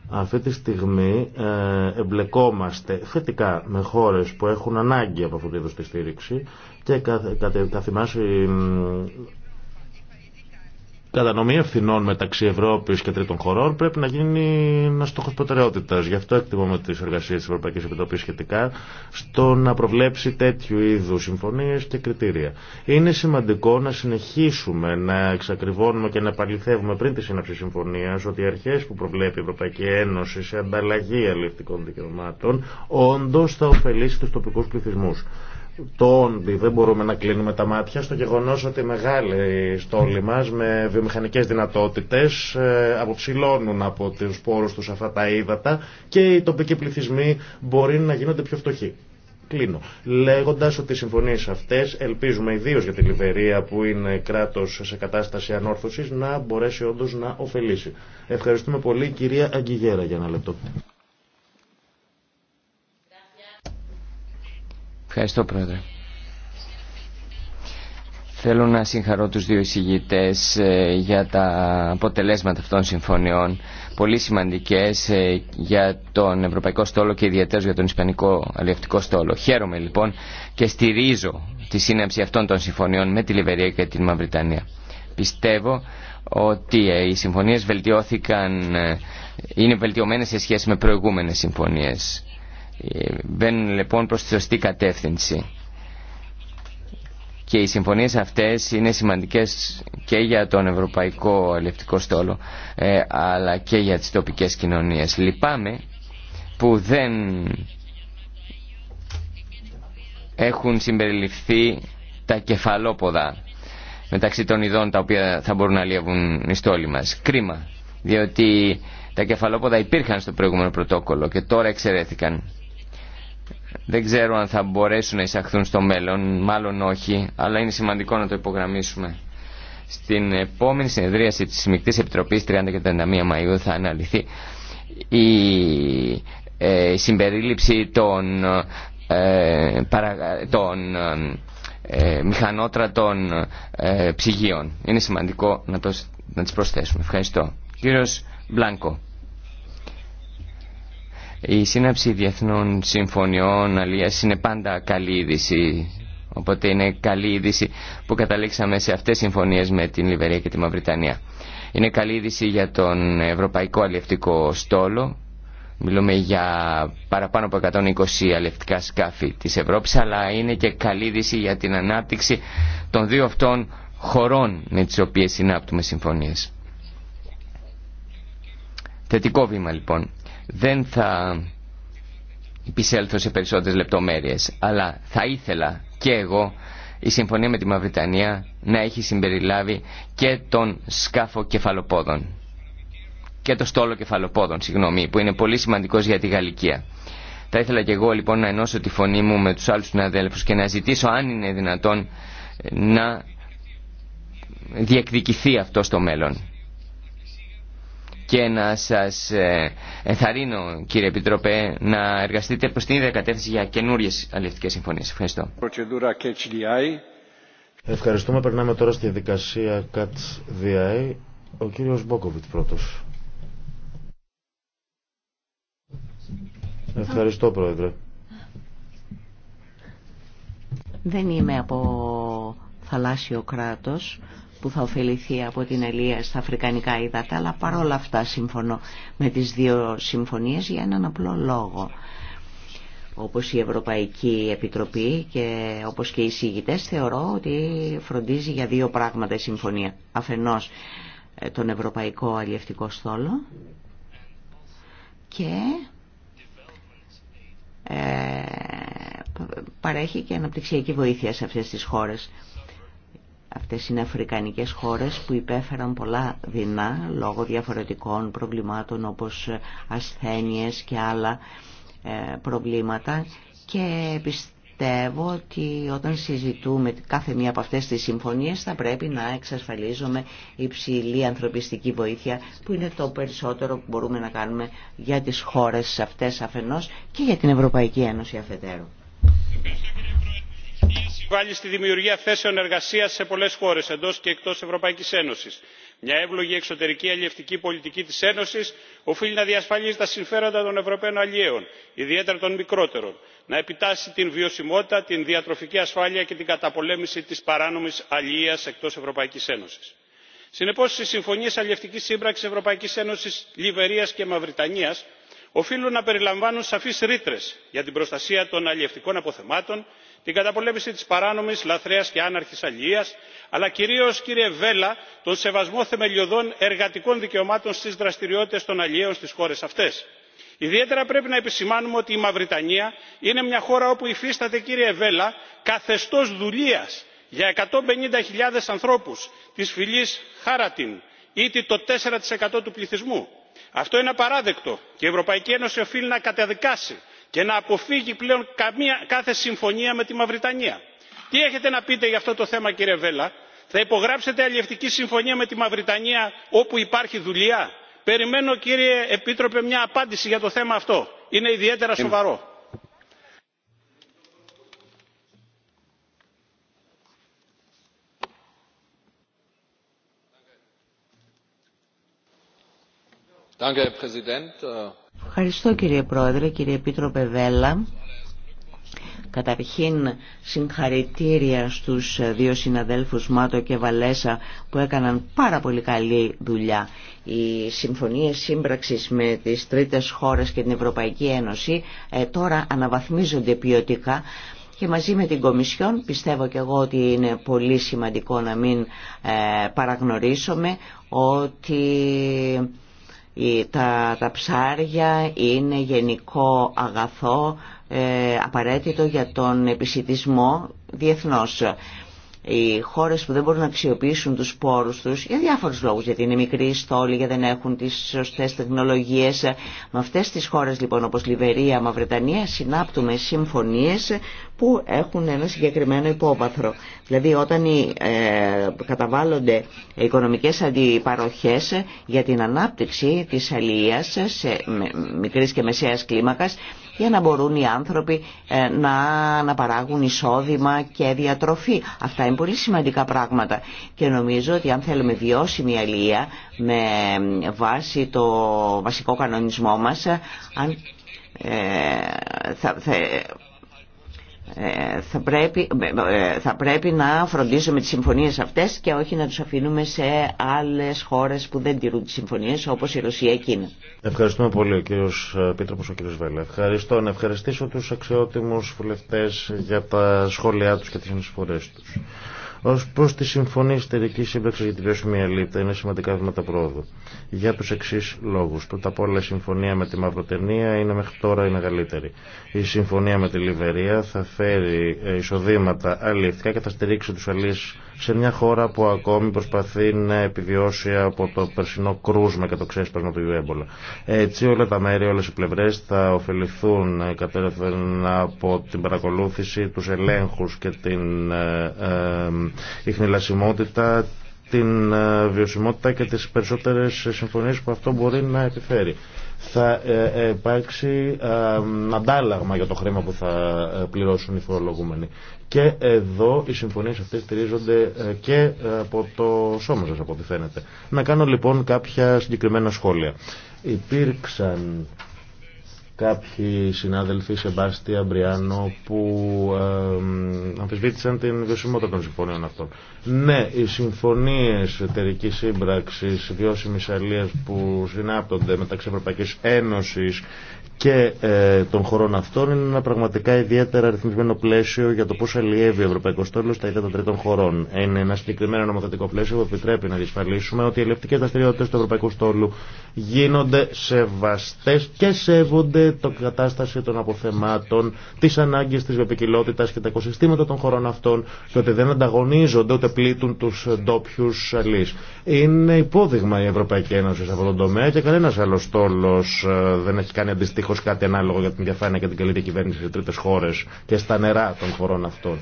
Αυτή τη στιγμή ε, εμπλεκόμαστε θετικά με χώρε που έχουν ανάγκη από αυτού του τη στήριξη και καθημάς ε, κατανομή ευθυνών μεταξύ Ευρώπη και τρίτων χωρών πρέπει να γίνει ένα στόχο προτεραιότητα. Γι' αυτό εκτιμούμε τι εργασίε τη Ευρωπαϊκή Επιτροπή σχετικά στο να προβλέψει τέτοιου είδου συμφωνίε και κριτήρια. Είναι σημαντικό να συνεχίσουμε να εξακριβώνουμε και να παληθεύουμε πριν τη σύναψη συμφωνία ότι οι αρχέ που προβλέπει η Ευρωπαϊκή Ένωση σε ανταλλαγή αλληλευτικών δικαιωμάτων όντω θα ωφελήσει του τοπικού πληθυσμού το όντι, δεν μπορούμε να κλείνουμε τα μάτια στο γεγονός ότι οι μεγάλοι στόλοι μας με βιομηχανικές δυνατότητες ε, αποψηλώνουν από τους πόρους τους αυτά τα ύδατα και οι τοπικοί πληθυσμοί μπορεί να γίνονται πιο φτωχοί. Κλείνω. Λέγοντα ότι οι συμφωνίε αυτέ ελπίζουμε ιδίω για τη Λιβερία που είναι κράτο σε κατάσταση ανόρθωση να μπορέσει όντω να ωφελήσει. Ευχαριστούμε πολύ κυρία Αγγιγέρα για ένα λεπτό. Ευχαριστώ πρόεδρε. Θέλω να συγχαρώ τους δύο εισηγητές ε, για τα αποτελέσματα αυτών των συμφωνιών. Πολύ σημαντικές ε, για τον Ευρωπαϊκό Στόλο και ιδιαίτερα για τον Ισπανικό Αλλιευτικό Στόλο. Χαίρομαι λοιπόν και στηρίζω τη σύναψη αυτών των συμφωνιών με τη Λιβερία και τη Μαυριτανία. Πιστεύω ότι ε, οι συμφωνίες βελτιώθηκαν, είναι βελτιωμένες σε σχέση με προηγούμενες συμφωνίες. Μπαίνουν ε, λοιπόν προς τη σωστή κατεύθυνση. Και οι συμφωνίες αυτές είναι σημαντικές και για τον Ευρωπαϊκό Ελευτικό Στόλο ε, αλλά και για τις τοπικές κοινωνίες. Λυπάμαι που δεν έχουν συμπεριληφθεί τα κεφαλόποδα μεταξύ των ειδών τα οποία θα μπορούν να λιεύουν οι στόλοι μας. Κρίμα, διότι τα κεφαλόποδα υπήρχαν στο προηγούμενο πρωτόκολλο και τώρα εξαιρέθηκαν. Δεν ξέρω αν θα μπορέσουν να εισαχθούν στο μέλλον, μάλλον όχι, αλλά είναι σημαντικό να το υπογραμμίσουμε. Στην επόμενη συνεδρίαση της Μικτής Επιτροπής, 30 και 31 Μαΐου, θα αναλυθεί η ε, συμπερίληψη των, ε, παρα, των ε, μηχανότρατων ψυγείων. Είναι σημαντικό να, το, να τις προσθέσουμε. Ευχαριστώ. Κύριος Μπλάνκο. Η σύναψη διεθνών συμφωνιών αλίας είναι πάντα καλή είδηση. Οπότε είναι καλή είδηση που καταλήξαμε σε αυτές τις συμφωνίες με την Λιβερία και τη Μαυριτανία. Είναι καλή είδηση για τον Ευρωπαϊκό Αλλιευτικό Στόλο. Μιλούμε για παραπάνω από 120 αλλιευτικά σκάφη της Ευρώπης, αλλά είναι και καλή είδηση για την ανάπτυξη των δύο αυτών χωρών με τις οποίες συνάπτουμε συμφωνίες. Θετικό βήμα λοιπόν. Δεν θα επισέλθω σε περισσότερες λεπτομέρειες, αλλά θα ήθελα και εγώ η συμφωνία με τη Μαυριτανία να έχει συμπεριλάβει και τον σκάφο κεφαλοπόδων και το στόλο κεφαλοπόδων, συγγνώμη, που είναι πολύ σημαντικός για τη Γαλλικία. Θα ήθελα και εγώ λοιπόν να ενώσω τη φωνή μου με τους άλλους συναδέλφους και να ζητήσω αν είναι δυνατόν να διεκδικηθεί αυτό στο μέλλον και να σας ε, ενθαρρύνω κύριε Επιτροπέ να εργαστείτε προς την ίδια κατεύθυνση για καινούριε αλληλευτικές συμφωνίες. Ευχαριστώ. Ευχαριστούμε. Περνάμε τώρα στη διαδικασία ΚΑΤΣ ΚΑΤΣ-ΔΙΑΗ. Ο κύριος Μπόκοβιτ πρώτος. Ευχαριστώ πρόεδρε. Δεν είμαι από θαλάσσιο κράτος που θα ωφεληθεί από την Ελία στα Αφρικανικά ύδατα, αλλά παρόλα αυτά συμφωνώ με τις δύο συμφωνίες για έναν απλό λόγο. Όπως η Ευρωπαϊκή Επιτροπή και όπως και οι συγητές θεωρώ ότι φροντίζει για δύο πράγματα η συμφωνία. Αφενός ε, τον Ευρωπαϊκό Αλλιευτικό Στόλο και ε, παρέχει και αναπτυξιακή βοήθεια σε αυτές τις χώρες Αυτές είναι αφρικανικές χώρες που υπέφεραν πολλά δεινά λόγω διαφορετικών προβλημάτων όπως ασθένειες και άλλα ε, προβλήματα και πιστεύω ότι όταν συζητούμε κάθε μία από αυτές τις συμφωνίες θα πρέπει να εξασφαλίζουμε υψηλή ανθρωπιστική βοήθεια που είναι το περισσότερο που μπορούμε να κάνουμε για τις χώρες αυτές αφενός και για την Ευρωπαϊκή Ένωση αφετέρου βάλει στη δημιουργία θέσεων εργασία σε πολλέ χώρε εντό και εκτό Ευρωπαϊκή Ένωση, μια εύλογη εξωτερική αλλιευτική πολιτική τη Ένωση, οφείλει να διασφαλίζει τα συμφέροντα των ευρωπαίων αλλιέων ιδιαίτερα των μικρότερων να επιτάσσει την βιωσιμότητα την διατροφική ασφάλεια και την καταπολέμηση τη παράνομη αλλιείας εκτό Ευρωπαϊκή Ένωση. Συνεπώ οι συμφωνίε αλλιευτική σύμπραξη Ευρωπαϊκή Ένωση, λιβερία και μαυριτανία οφείλουν να περιλαμβάνουν σαφεί ρήτρε για την προστασία των αλλιευτικών αποθεμάτων την καταπολέμηση της παράνομης λαθρέας και άναρχης αλληλεία αλλά κυρίως κύριε Βέλλα, τον σεβασμό θεμελιωδών εργατικών δικαιωμάτων στις δραστηριότητες των αλλιέων στις χώρες αυτές. ιδιαίτερα πρέπει να επισημάνουμε ότι η μαυριτανία είναι μια χώρα όπου υφίσταται κύριε Βέλλα, καθεστώς δουλείας για 150.000 ανθρώπους της φυλής χάρατιν ήτι το 4% του πληθυσμού. αυτό είναι απαράδεκτο και η ευρωπαϊκή ένωση οφείλει να καταδικάσει και να αποφύγει πλέον καμία, κάθε συμφωνία με τη μαυριτανία. Τι έχετε να πείτε για αυτό το θέμα κύριε Βέλα; Θα υπογράψετε αλλιευτική συμφωνία με τη Μαυριτανία όπου υπάρχει δουλεία. Περιμένω κύριε Επίτροπε μια απάντηση για το θέμα αυτό. Είναι ιδιαίτερα σοβαρό. Äh, Ευχαριστώ κύριε Πρόεδρε, κύριε Επίτροπε Βέλα. Καταρχήν συγχαρητήρια στους δύο συναδέλφους Μάτο και Βαλέσα που έκαναν πάρα πολύ καλή δουλειά. Οι συμφωνίες σύμπραξης με τις τρίτες χώρες και την Ευρωπαϊκή Ένωση ε, τώρα αναβαθμίζονται ποιοτικά και μαζί με την Κομισιόν πιστεύω και εγώ ότι είναι πολύ σημαντικό να μην ε, παραγνωρίσουμε ότι τα, τα ψάρια είναι γενικό αγαθό ε, απαραίτητο για τον επισητισμό διεθνώς οι χώρες που δεν μπορούν να αξιοποιήσουν τους πόρους τους για διάφορους λόγους, γιατί είναι μικροί στόλοι, γιατί δεν έχουν τις σωστές τεχνολογίες. Με αυτές τις χώρες λοιπόν όπως Λιβερία, Μαυρετανία συνάπτουμε συμφωνίες που έχουν ένα συγκεκριμένο υπόβαθρο. Δηλαδή όταν οι, ε, καταβάλλονται οικονομικές αντιπαροχές για την ανάπτυξη της αλληλείας σε μικρής και μεσαίας κλίμακας, για να μπορούν οι άνθρωποι ε, να, να παράγουν εισόδημα και διατροφή. Αυτά είναι πολύ σημαντικά πράγματα και νομίζω ότι αν θέλουμε βιώσιμη αλληλεία με βάση το βασικό κανονισμό μας, ε, αν, ε, θα, ε, θα πρέπει, ε, θα πρέπει να φροντίσουμε τις συμφωνίες αυτές και όχι να τους αφήνουμε σε άλλες χώρες που δεν τηρούν τις συμφωνίες όπως η Ρωσία εκείνη. Ευχαριστούμε πολύ ο κύριος Πίτροπος, ο κύριος βέλε. Ευχαριστώ να ευχαριστήσω τους αξιότιμους βουλευτές για τα σχόλιά τους και τις συνεισφορές τους. Ω προ τη Συμφωνία εταιρική Σύμπραξη για τη Βιώσιμη αλήθεια είναι σημαντικά βήματα πρόοδου. Για του εξή λόγου. Πρώτα απ' όλα η συμφωνία με τη Μαυροτενία είναι μέχρι τώρα η μεγαλύτερη. Η συμφωνία με τη Λιβερία θα φέρει ε, εισοδήματα αληθικά και θα στηρίξει του αλήθειε σε μια χώρα που ακόμη προσπαθεί να επιβιώσει από το περσινό κρούσμα και το ξέσπασμα του Ιουέμπολα. Έτσι όλα τα μέρη, όλες οι πλευρές θα ωφεληθούν κατέρευθεν από την παρακολούθηση, τους ελέγχους και την ε, ε την ε, βιωσιμότητα και τις περισσότερες συμφωνίες που αυτό μπορεί να επιφέρει θα ε, ε, υπάρξει ε, αντάλλαγμα για το χρήμα που θα πληρώσουν οι φορολογούμενοι. Και εδώ οι συμφωνίε αυτέ στηρίζονται και από το σώμα σα, από ό,τι φαίνεται. Να κάνω λοιπόν κάποια συγκεκριμένα σχόλια. Υπήρξαν κάποιοι συνάδελφοι, Σεμπάστια, Μπριάνο, που ε, αμφισβήτησαν την βιωσιμότητα των συμφωνίων αυτών. Ναι, οι συμφωνίες εταιρική σύμπραξη, βιώσιμη αλίας που συνάπτονται μεταξύ Ευρωπαϊκής Ένωσης, και ε, των χωρών αυτών είναι ένα πραγματικά ιδιαίτερα ρυθμισμένο πλαίσιο για το πώ αλλιεύει ο Ευρωπαϊκό Στόλο στα ίδια των τρίτων χωρών. Είναι ένα συγκεκριμένο νομοθετικό πλαίσιο που επιτρέπει να διασφαλίσουμε ότι οι ελεκτικέ δραστηριότητε του Ευρωπαϊκού Στόλου γίνονται σεβαστέ και σέβονται το κατάσταση των αποθεμάτων, τι ανάγκε τη βιοπικιλότητα και τα οικοσυστήματα των χωρών αυτών και ότι δεν ανταγωνίζονται ούτε πλήττουν του ντόπιου αλλή. Είναι υπόδειγμα η Ευρωπαϊκή Ένωση σε και κανένα άλλο στόλο ε, δεν έχει κάνει αντιστοιχό δίχω κάτι ανάλογο για την διαφάνεια και την καλή κυβέρνηση σε τρίτε χώρε και στα νερά των χωρών αυτών.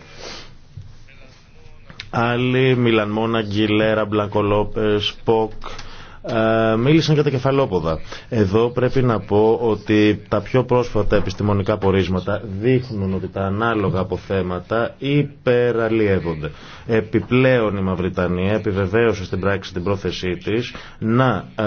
Άλλοι, μιλάνμονα, Μόνα, Γκιλέρα, Μπλανκολόπε, Σποκ, ε, μίλησαν για τα κεφαλόποδα. Εδώ πρέπει να πω ότι τα πιο πρόσφατα επιστημονικά πορίσματα δείχνουν ότι τα ανάλογα αποθέματα υπεραλλιεύονται. Επιπλέον η Μαυριτανία επιβεβαίωσε στην πράξη την πρόθεσή της να ε,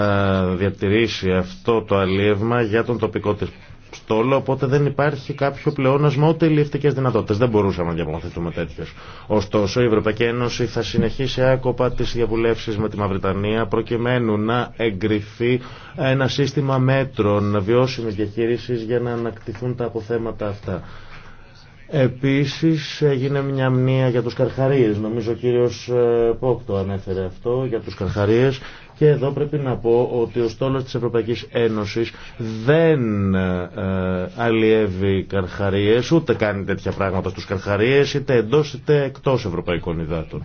διατηρήσει αυτό το αλλιεύμα για τον τοπικό της στόλο, οπότε δεν υπάρχει κάποιο πλεόνασμα ούτε ηλιευτικέ δυνατότητε. Δεν μπορούσαμε να διαπραγματευτούμε τέτοιε. Ωστόσο, η Ευρωπαϊκή Ένωση θα συνεχίσει άκοπα τι διαβουλεύσει με τη Μαυριτανία προκειμένου να εγκριθεί ένα σύστημα μέτρων βιώσιμη διαχείριση για να ανακτηθούν τα αποθέματα αυτά. Επίσης έγινε μια μνήα για τους καρχαρίες, νομίζω ο κύριος ε, Πόκτο ανέφερε αυτό, για τους καρχαρίες και εδώ πρέπει να πω ότι ο στόλος της Ευρωπαϊκής Ένωσης δεν ε, αλλιεύει καρχαρίες, ούτε κάνει τέτοια πράγματα στους καρχαρίες, είτε εντός είτε εκτός ευρωπαϊκών υδάτων.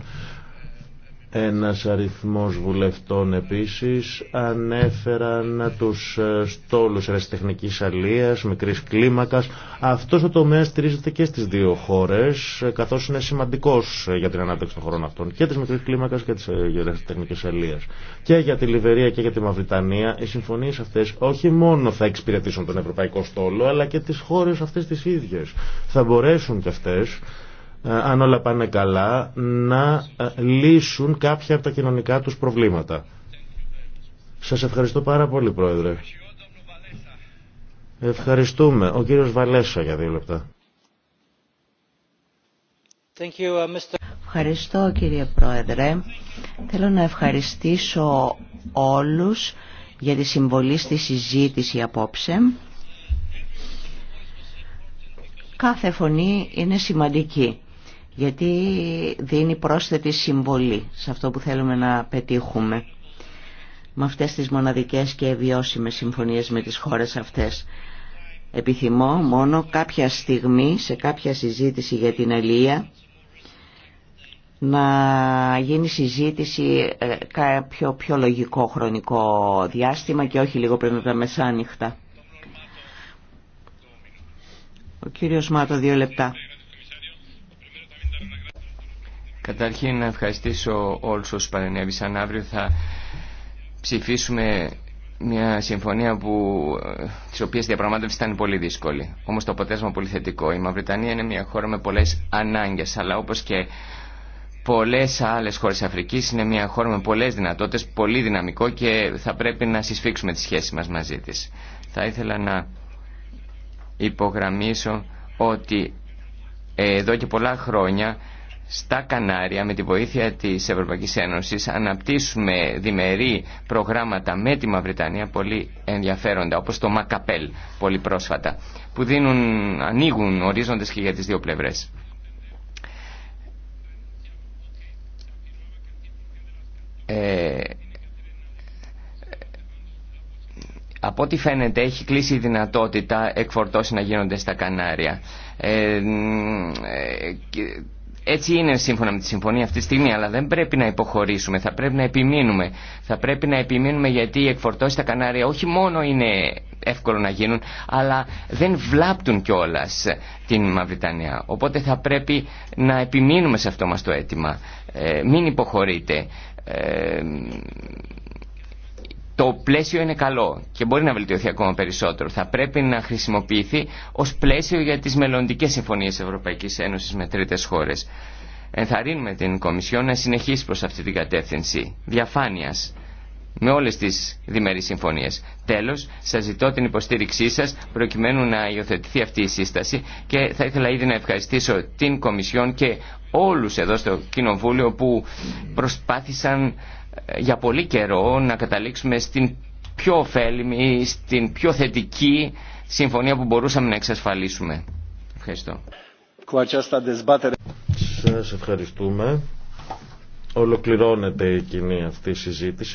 Ένας αριθμός βουλευτών επίσης ανέφεραν τους ε, στόλους τεχνικής αλίας, μικρής κλίμακας. Αυτός ο τομέας στηρίζεται και στις δύο χώρες, ε, καθώς είναι σημαντικός ε, για την ανάπτυξη των χωρών αυτών, και της μικρής κλίμακας και της ερασιτεχνικής αλίας. Και για τη Λιβερία και για τη Μαυριτανία, οι συμφωνίες αυτές όχι μόνο θα εξυπηρετήσουν τον ευρωπαϊκό στόλο, αλλά και τις χώρες αυτές τις ίδιες. Θα μπορέσουν και αυτές ε, αν όλα πάνε καλά, να ε, λύσουν κάποια από τα κοινωνικά τους προβλήματα. Σας ευχαριστώ πάρα πολύ, Πρόεδρε. Ευχαριστούμε. Ο κύριος Βαλέσσα για δύο λεπτά. Uh, ευχαριστώ, κύριε Πρόεδρε. Θέλω να ευχαριστήσω όλους για τη συμβολή στη συζήτηση απόψε. Κάθε φωνή είναι σημαντική γιατί δίνει πρόσθετη συμβολή σε αυτό που θέλουμε να πετύχουμε με αυτές τις μοναδικές και βιώσιμες συμφωνίες με τις χώρες αυτές. Επιθυμώ μόνο κάποια στιγμή σε κάποια συζήτηση για την Αλία να γίνει συζήτηση ε, κάποιο πιο λογικό χρονικό διάστημα και όχι λίγο πριν από τα μεσάνυχτα. Ο κύριος Μάτο, δύο λεπτά. Καταρχήν να ευχαριστήσω όλους όσους παρενέβησαν. Αύριο θα ψηφίσουμε μια συμφωνία που, ε, της οποίας διαπραγμάτευση ήταν πολύ δύσκολη. Όμως το αποτέλεσμα πολύ θετικό. Η Μαυριτανία είναι μια χώρα με πολλές ανάγκες, αλλά όπως και πολλές άλλες χώρες Αφρικής είναι μια χώρα με πολλές δυνατότητες, πολύ δυναμικό και θα πρέπει να συσφίξουμε τη σχέση μας μαζί της. Θα ήθελα να υπογραμμίσω ότι εδώ και πολλά χρόνια στα Κανάρια με τη βοήθεια της Ευρωπαϊκής Ένωσης αναπτύσσουμε διμερεί προγράμματα με τη Μαυριτανία πολύ ενδιαφέροντα όπως το Μακαπέλ πολύ πρόσφατα που δίνουν, ανοίγουν ορίζοντες και για τις δύο πλευρές. Ε, από ό,τι φαίνεται έχει κλείσει η δυνατότητα εκφορτώσει να γίνονται στα Κανάρια. Ε, ε, έτσι είναι σύμφωνα με τη συμφωνία αυτή τη στιγμή, αλλά δεν πρέπει να υποχωρήσουμε, θα πρέπει να επιμείνουμε. Θα πρέπει να επιμείνουμε γιατί οι εκφορτώσει στα Κανάρια όχι μόνο είναι εύκολο να γίνουν, αλλά δεν βλάπτουν κιόλα την Μαυριτανία. Οπότε θα πρέπει να επιμείνουμε σε αυτό μας το αίτημα. Ε, μην υποχωρείτε. Ε, το πλαίσιο είναι καλό και μπορεί να βελτιωθεί ακόμα περισσότερο. Θα πρέπει να χρησιμοποιηθεί ως πλαίσιο για τις μελλοντικές συμφωνίες Ευρωπαϊκής Ένωσης με τρίτες χώρες. Ενθαρρύνουμε την Κομισιόν να συνεχίσει προς αυτή την κατεύθυνση διαφάνειας με όλες τις διμερείς συμφωνίες. Τέλος, σας ζητώ την υποστήριξή σας προκειμένου να υιοθετηθεί αυτή η σύσταση και θα ήθελα ήδη να ευχαριστήσω την Κομισιόν και όλους εδώ στο Κοινοβούλιο που προσπάθησαν για πολύ καιρό να καταλήξουμε στην πιο ωφέλιμη, στην πιο θετική συμφωνία που μπορούσαμε να εξασφαλίσουμε. Ευχαριστώ. Σας ευχαριστούμε. Ολοκληρώνεται η κοινή αυτή η συζήτηση.